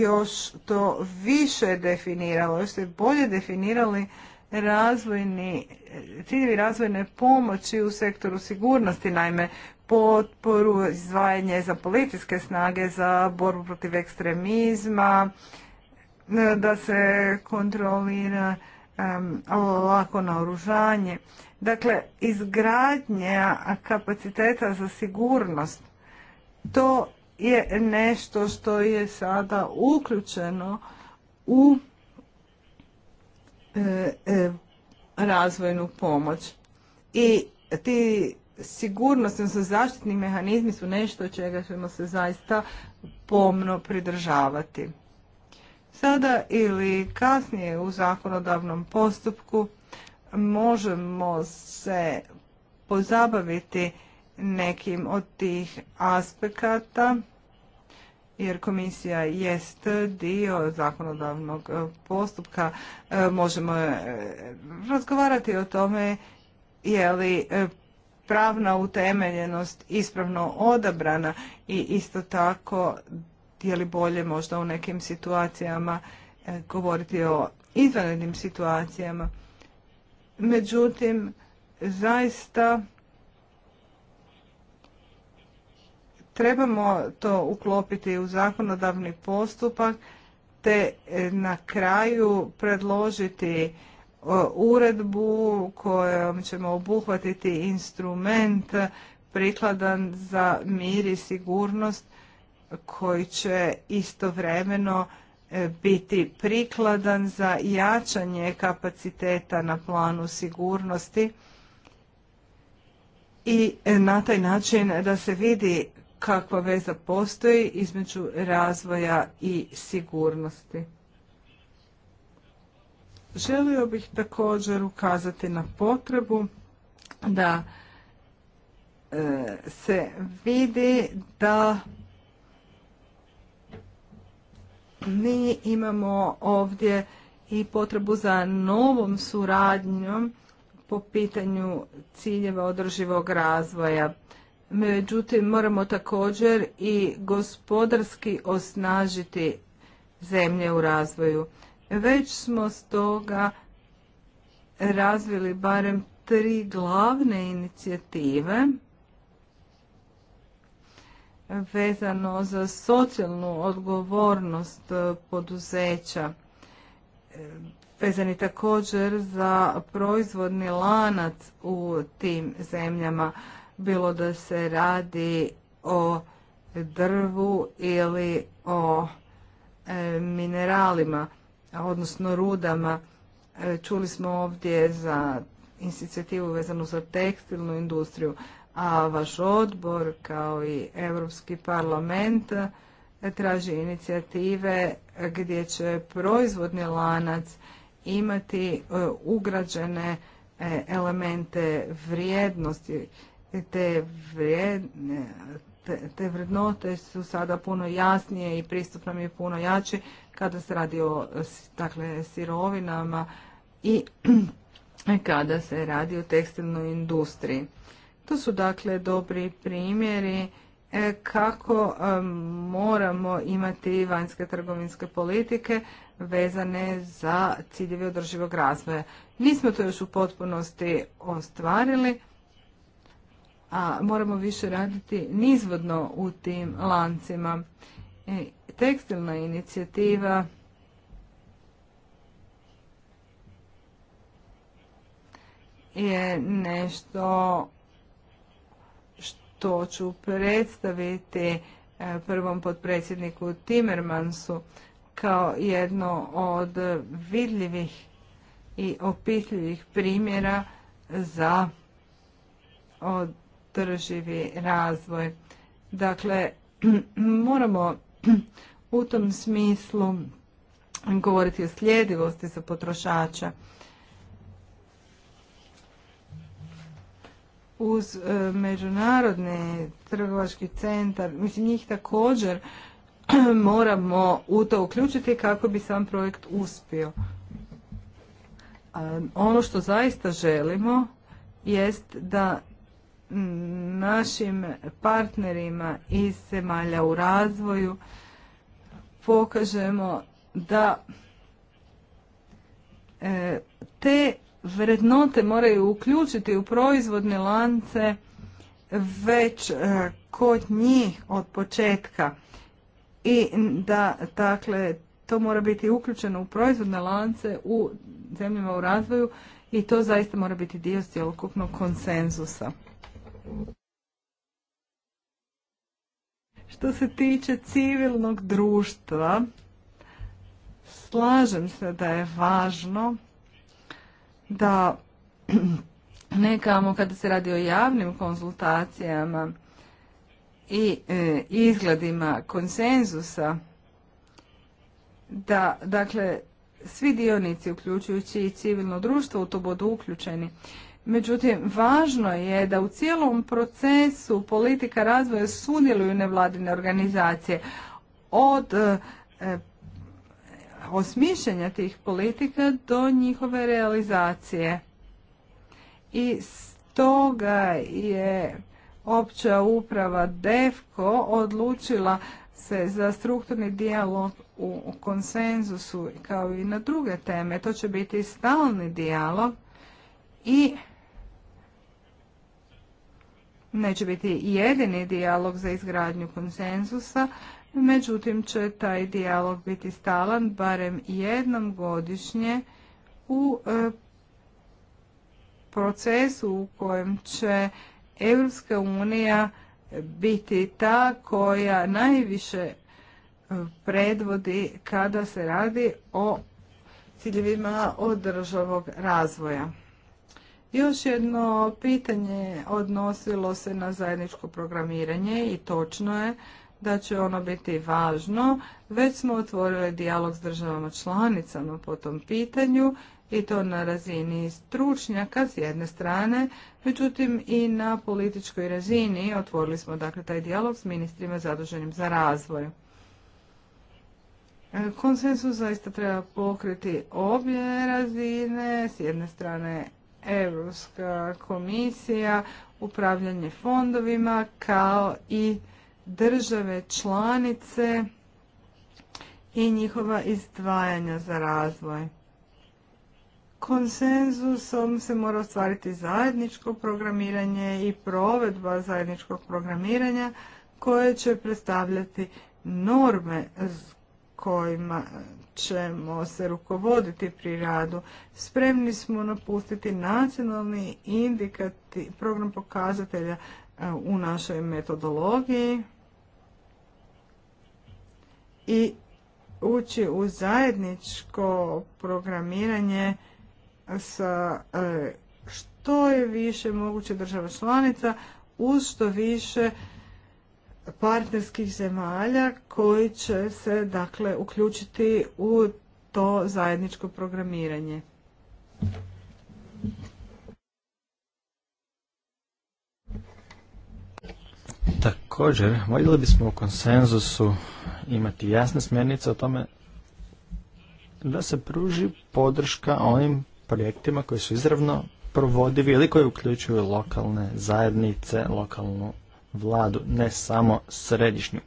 još to više definiralo, još se bolje definirali razvojni, ciljevi razvojne pomoći u sektoru sigurnosti, naime potporu, izdvajanje za policijske snage, za borbu protiv ekstremizma, da se kontrolira lako naoružanje. Dakle, izgradnja kapaciteta za sigurnost, to je nešto što je sada uključeno u e, e, razvojnu pomoć. I ti sigurnosni su zaštitni mehanizmi su nešto čega ćemo se zaista pomno pridržavati. Sada ili kasnije u zakonodavnom postupku možemo se pozabaviti nekim od tih aspekata jer komisija jest dio zakonodavnog e, postupka. E, možemo e, razgovarati o tome je li pravna utemeljenost ispravno odabrana i isto tako je li bolje možda u nekim situacijama govoriti o izvanrednim situacijama. Međutim, zaista Trebamo to uklopiti u zakonodavni postupak te e, na kraju predložiti e, uredbu kojom ćemo obuhvatiti instrument prikladan za mir i sigurnost koji će istovremeno e, biti prikladan za jačanje kapaciteta na planu sigurnosti i na taj način da se vidi kakva veza postoji između razvoja i sigurnosti. Želio bih također ukazati na potrebu da e, se vidi da mi imamo ovdje i potrebu za novom suradnjom po pitanju ciljeva održivog razvoja međutim moramo također i gospodarski osnažiti zemlje u razvoju. Već smo stoga razvili barem tri glavne inicijative vezano za socijalnu odgovornost e, poduzeća, e, vezani također za proizvodni lanac u tim zemljama bilo da se radi o drvu ili o e, mineralima, odnosno rudama. E, čuli smo ovdje za inicijativu vezanu za tekstilnu industriju, a vaš odbor kao i Europski parlament traži inicijative gdje će proizvodni lanac imati e, ugrađene elemente vrijednosti te, te, te vrednote su sada puno jasnije i pristup nam je puno jači kada se radi o dakle, sirovinama i kada se radi o tekstilnoj industriji. To su dakle dobri primjeri e, kako moramo imati vanjske trgovinske politike vezane za ciljeve održivog razvoja. Nismo to još u potpunosti ostvarili, a moramo više raditi nizvodno u tim lancima. E, tekstilna inicijativa je nešto što ću predstaviti e, prvom potpredsjedniku Timmermansu kao jedno od vidljivih i opitljivih primjera za od održivi razvoj. Dakle, moramo u tom smislu govoriti o sljedivosti za potrošača. Uz e, međunarodni trgovački centar, mislim njih također moramo u to uključiti kako bi sam projekt uspio. Ono što zaista želimo jest da našim partnerima iz zemalja u razvoju pokažemo da e, te vrednote moraju uključiti u proizvodne lance već e, kod njih od početka i da dakle to mora biti uključeno u proizvodne lance u zemljama u razvoju i to zaista mora biti dio cjelokupnog konsenzusa. Što se tiče civilnog društva, slažem se da je važno da nekamo kada se radi o javnim konzultacijama i e, izgledima konsenzusa, da dakle svi dionici uključujući i civilno društvo u to budu uključeni Međutim, važno je da u cijelom procesu politika razvoja sudjeluju nevladine organizacije od e, e, osmišljanja osmišljenja tih politika do njihove realizacije. I stoga je opća uprava DEFKO odlučila se za strukturni dijalog u konsenzusu kao i na druge teme. To će biti stalni dijalog i neće biti jedini dijalog za izgradnju konsenzusa, međutim će taj dijalog biti stalan barem jednom godišnje u e, procesu u kojem će Europska unija biti ta koja najviše e, predvodi kada se radi o ciljevima održavog razvoja. Još jedno pitanje odnosilo se na zajedničko programiranje i točno je da će ono biti važno. Već smo otvorili dijalog s državama članicama po tom pitanju i to na razini stručnjaka s jedne strane, međutim i na političkoj razini otvorili smo dakle taj dijalog s ministrima zaduženim za razvoj. E, Konsensus zaista treba pokriti obje razine, s jedne strane Europska komisija, upravljanje fondovima kao i države članice i njihova izdvajanja za razvoj. Konsenzusom se mora ostvariti zajedničko programiranje i provedba zajedničkog programiranja koje će predstavljati norme s kojima ćemo se rukovoditi pri radu. Spremni smo napustiti nacionalni indikati, program pokazatelja e, u našoj metodologiji i ući u zajedničko programiranje sa e, što je više moguće država članica uz što više partnerskih zemalja koji će se dakle uključiti u to zajedničko programiranje. Također, voljeli bismo u konsenzusu imati jasne smjernice o tome da se pruži podrška onim projektima koji su izravno provodivi ili koji uključuju lokalne zajednice, lokalnu vladu, ne samo središnju.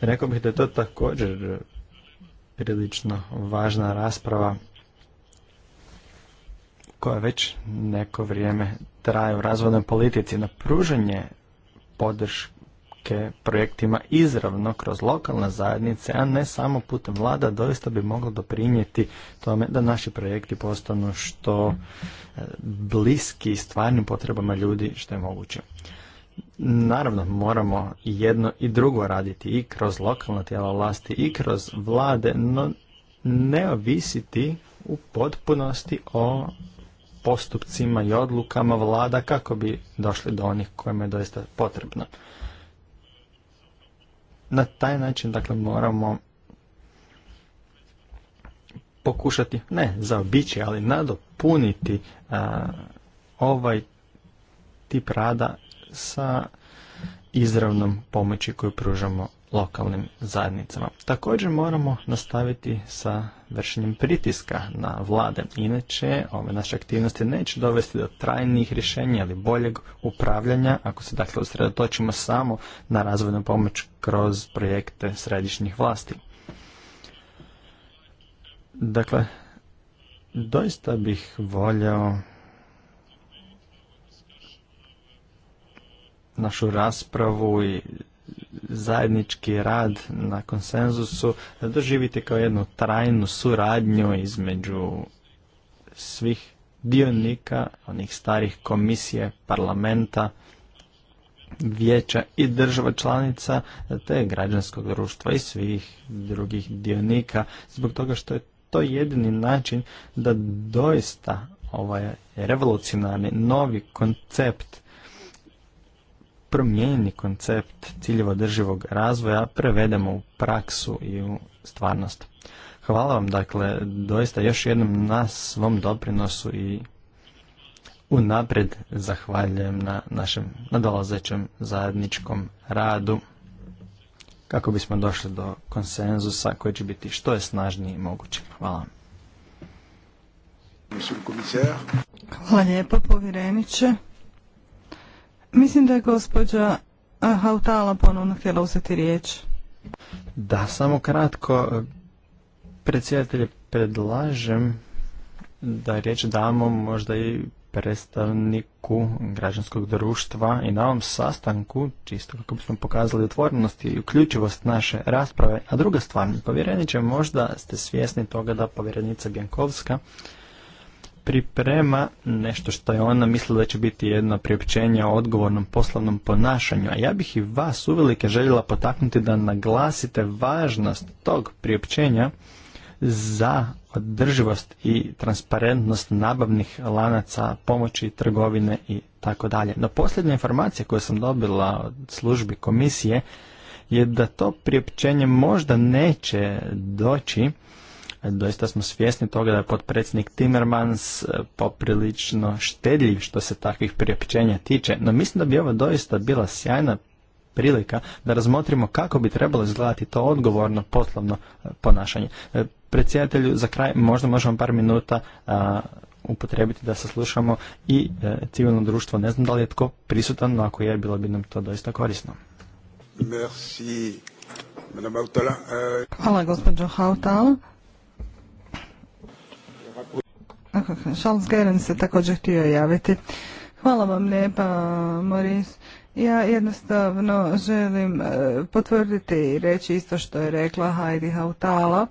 Rekao bih da je to također prilično važna rasprava koja već neko vrijeme traje u razvodnoj politici na pružanje podrške podrške projektima izravno kroz lokalne zajednice, a ne samo putem vlada, doista bi moglo doprinijeti tome da naši projekti postanu što e, bliski stvarnim potrebama ljudi što je moguće. Naravno, moramo jedno i drugo raditi i kroz lokalna tijela vlasti i kroz vlade, no ne ovisiti u potpunosti o postupcima i odlukama vlada kako bi došli do onih kojima je doista potrebno na taj način dakle moramo pokušati, ne zaobići, ali nadopuniti ovaj tip rada sa izravnom pomoći koju pružamo lokalnim zajednicama. Također moramo nastaviti sa vršenjem pritiska na vlade. Inače, ove naše aktivnosti neće dovesti do trajnih rješenja ili boljeg upravljanja ako se dakle usredotočimo samo na razvojnu pomoć kroz projekte središnjih vlasti. Dakle, doista bih voljao našu raspravu i zajednički rad na konsenzusu doživite kao jednu trajnu suradnju između svih dionika, onih starih komisije, parlamenta, vijeća i država članica, te građanskog društva i svih drugih dionika, zbog toga što je to jedini način da doista ovaj revolucionarni novi koncept promijenjeni koncept ciljeva održivog razvoja, prevedemo u praksu i u stvarnost. Hvala vam, dakle, doista još jednom na svom doprinosu i unaprijed zahvaljujem na našem nadolazećem zajedničkom radu kako bismo došli do konsenzusa koji će biti što je snažniji i mogući. Hvala. Hvala lijepo povjereniče. Mislim da je gospođa Hautala ponovno htjela uzeti riječ. Da, samo kratko. Predsjedatelje, predlažem da riječ damo možda i predstavniku građanskog društva i na ovom sastanku, čisto kako bismo pokazali otvorenost i uključivost naše rasprave. A druga stvar, povjereniče, možda ste svjesni toga da povjerenica Bjankovska priprema nešto što je ona mislila da će biti jedno priopćenje o odgovornom poslovnom ponašanju, a ja bih i vas uvelike željela potaknuti da naglasite važnost tog priopćenja za održivost i transparentnost nabavnih lanaca pomoći, trgovine i tako dalje. No posljednja informacija koju sam dobila od službi komisije je da to priopćenje možda neće doći Doista smo svjesni toga da je potpredsjednik Timmermans e, poprilično štedljiv što se takvih priopćenja tiče, no mislim da bi ovo doista bila sjajna prilika da razmotrimo kako bi trebalo izgledati to odgovorno poslovno e, ponašanje. E, predsjedatelju, za kraj možda možemo par minuta a, upotrebiti da saslušamo i civilno društvo. Ne znam da li je tko prisutan, no ako je, bilo bi nam to doista korisno. Merci. Hvala gospođo Hautala. Charles Geren se također htio javiti. Hvala vam lijepa, Moris. Ja jednostavno želim e, potvrditi i reći isto što je rekla Heidi Hautala.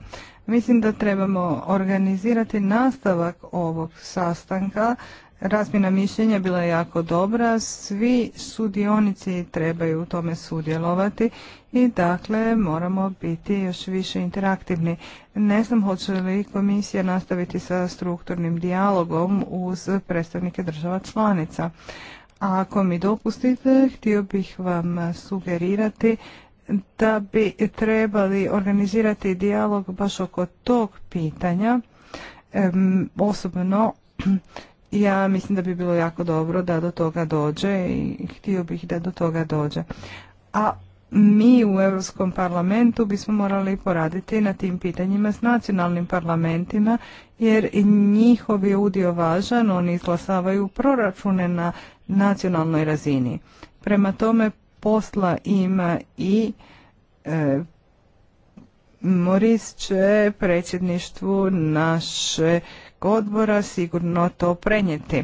Mislim da trebamo organizirati nastavak ovog sastanka Razmjena mišljenja bila je jako dobra, svi sudionici trebaju u tome sudjelovati i dakle moramo biti još više interaktivni. Ne znam hoće li komisija nastaviti sa strukturnim dijalogom uz predstavnike država članica. A ako mi dopustite, htio bih vam sugerirati da bi trebali organizirati dijalog baš oko tog pitanja. osobno ja mislim da bi bilo jako dobro da do toga dođe i htio bih da do toga dođe. A mi u Europskom parlamentu bismo morali poraditi na tim pitanjima s nacionalnim parlamentima jer njihov je udio važan, oni izglasavaju proračune na nacionalnoj razini. Prema tome posla ima i e, Moris će predsjedništvu naše odbora sigurno to prenijeti.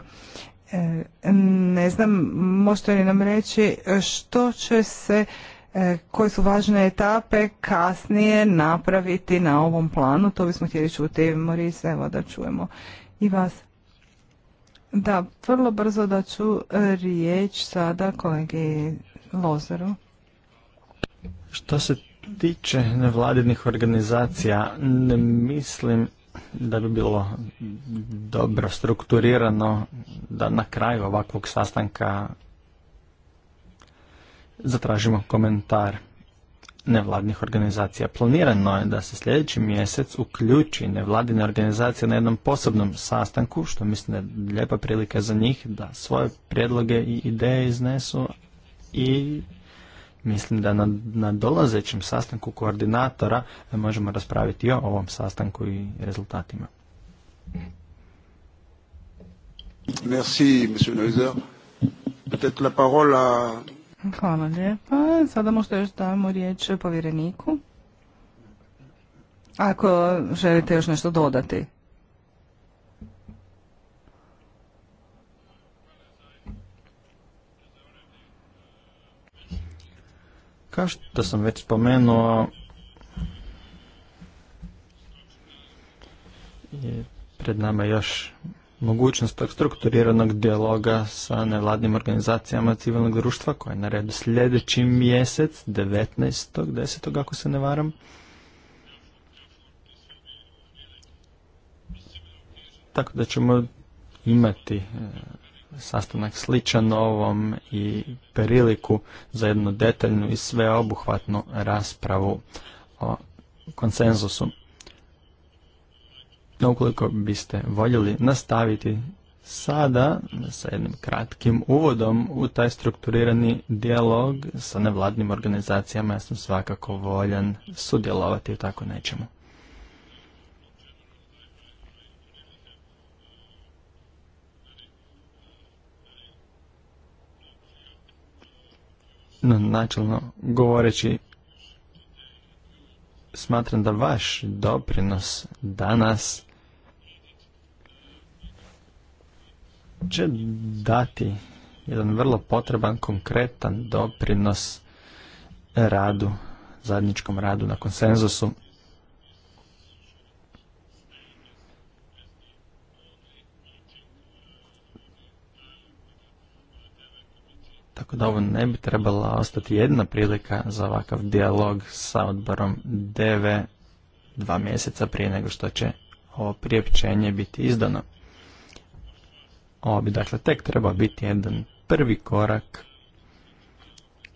E, ne znam, možete li nam reći što će se, e, koje su važne etape kasnije napraviti na ovom planu, to bismo htjeli čuti. Moris, evo da čujemo i vas. Da, vrlo brzo da ću e, riječ sada kolegi Lozaru. Što se tiče nevladinih organizacija, ne mislim da bi bilo dobro strukturirano da na kraju ovakvog sastanka zatražimo komentar nevladnih organizacija. Planirano je da se sljedeći mjesec uključi nevladine organizacije na jednom posebnom sastanku, što mislim da je lijepa prilika za njih da svoje prijedloge i ideje iznesu i Mislim da na, na dolazećem sastanku koordinatora možemo raspraviti o ovom sastanku i rezultatima. Merci, la parole à... Hvala lijepa. Sada možda još damo riječ povjereniku. Ako želite još nešto dodati. Kao što sam već spomenuo, je pred nama još mogućnost tog strukturiranog dijaloga sa nevladnim organizacijama civilnog društva koje je na redu sljedeći mjesec, 19.10. ako se ne varam. Tako da ćemo imati e, sastanak sličan ovom i priliku za jednu detaljnu i sveobuhvatnu raspravu o konsenzusu. No, ukoliko biste voljeli nastaviti sada sa jednim kratkim uvodom u taj strukturirani dijalog sa nevladnim organizacijama, ja sam svakako voljan sudjelovati u tako nečemu. načelno govoreći, smatram da vaš doprinos danas će dati jedan vrlo potreban, konkretan doprinos radu, zadničkom radu na konsenzusu Tako da ovo ne bi trebala ostati jedna prilika za ovakav dijalog sa odborom DV dva mjeseca prije nego što će ovo priopćenje biti izdano. Ovo bi dakle tek trebao biti jedan prvi korak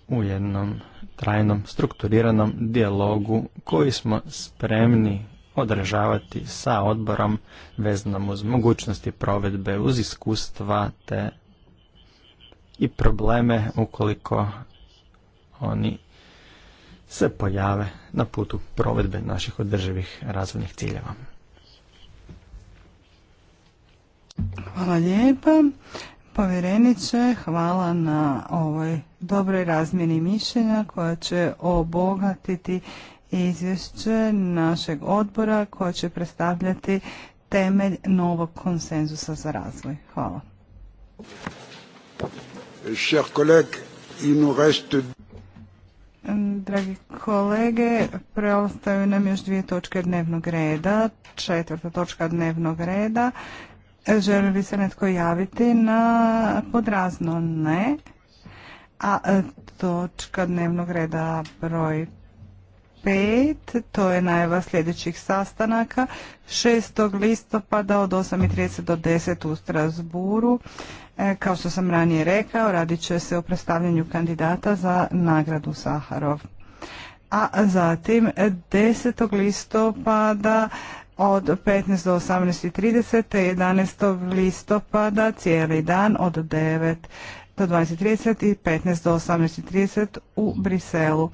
u jednom trajnom strukturiranom dijalogu koji smo spremni održavati sa odborom vezanom uz mogućnosti provedbe, uz iskustva te i probleme ukoliko oni se pojave na putu provedbe naših održivih razvojnih ciljeva. Hvala lijepa. Povjereniče, hvala na ovoj dobroj razmjeni mišljenja koja će obogatiti izvješće našeg odbora koja će predstavljati temelj novog konsenzusa za razvoj. Hvala. Chers Dragi kolege, preostaju nam još dvije točke dnevnog reda. Četvrta točka dnevnog reda. Želi li se netko javiti na podrazno? Ne. A e, točka dnevnog reda broj pet to je najava sljedećih sastanaka, 6. listopada od 8.30 do 10 u Strasburu. E, kao što sam ranije rekao, radit će se o predstavljanju kandidata za nagradu Saharov. A zatim 10. listopada od 15 do 18.30 te 11. listopada cijeli dan od 9 do 20.30 i 15 do 18.30 u Briselu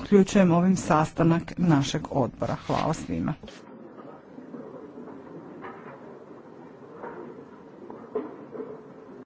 uključujem ovim sastanak našeg odbora. Hvala svima.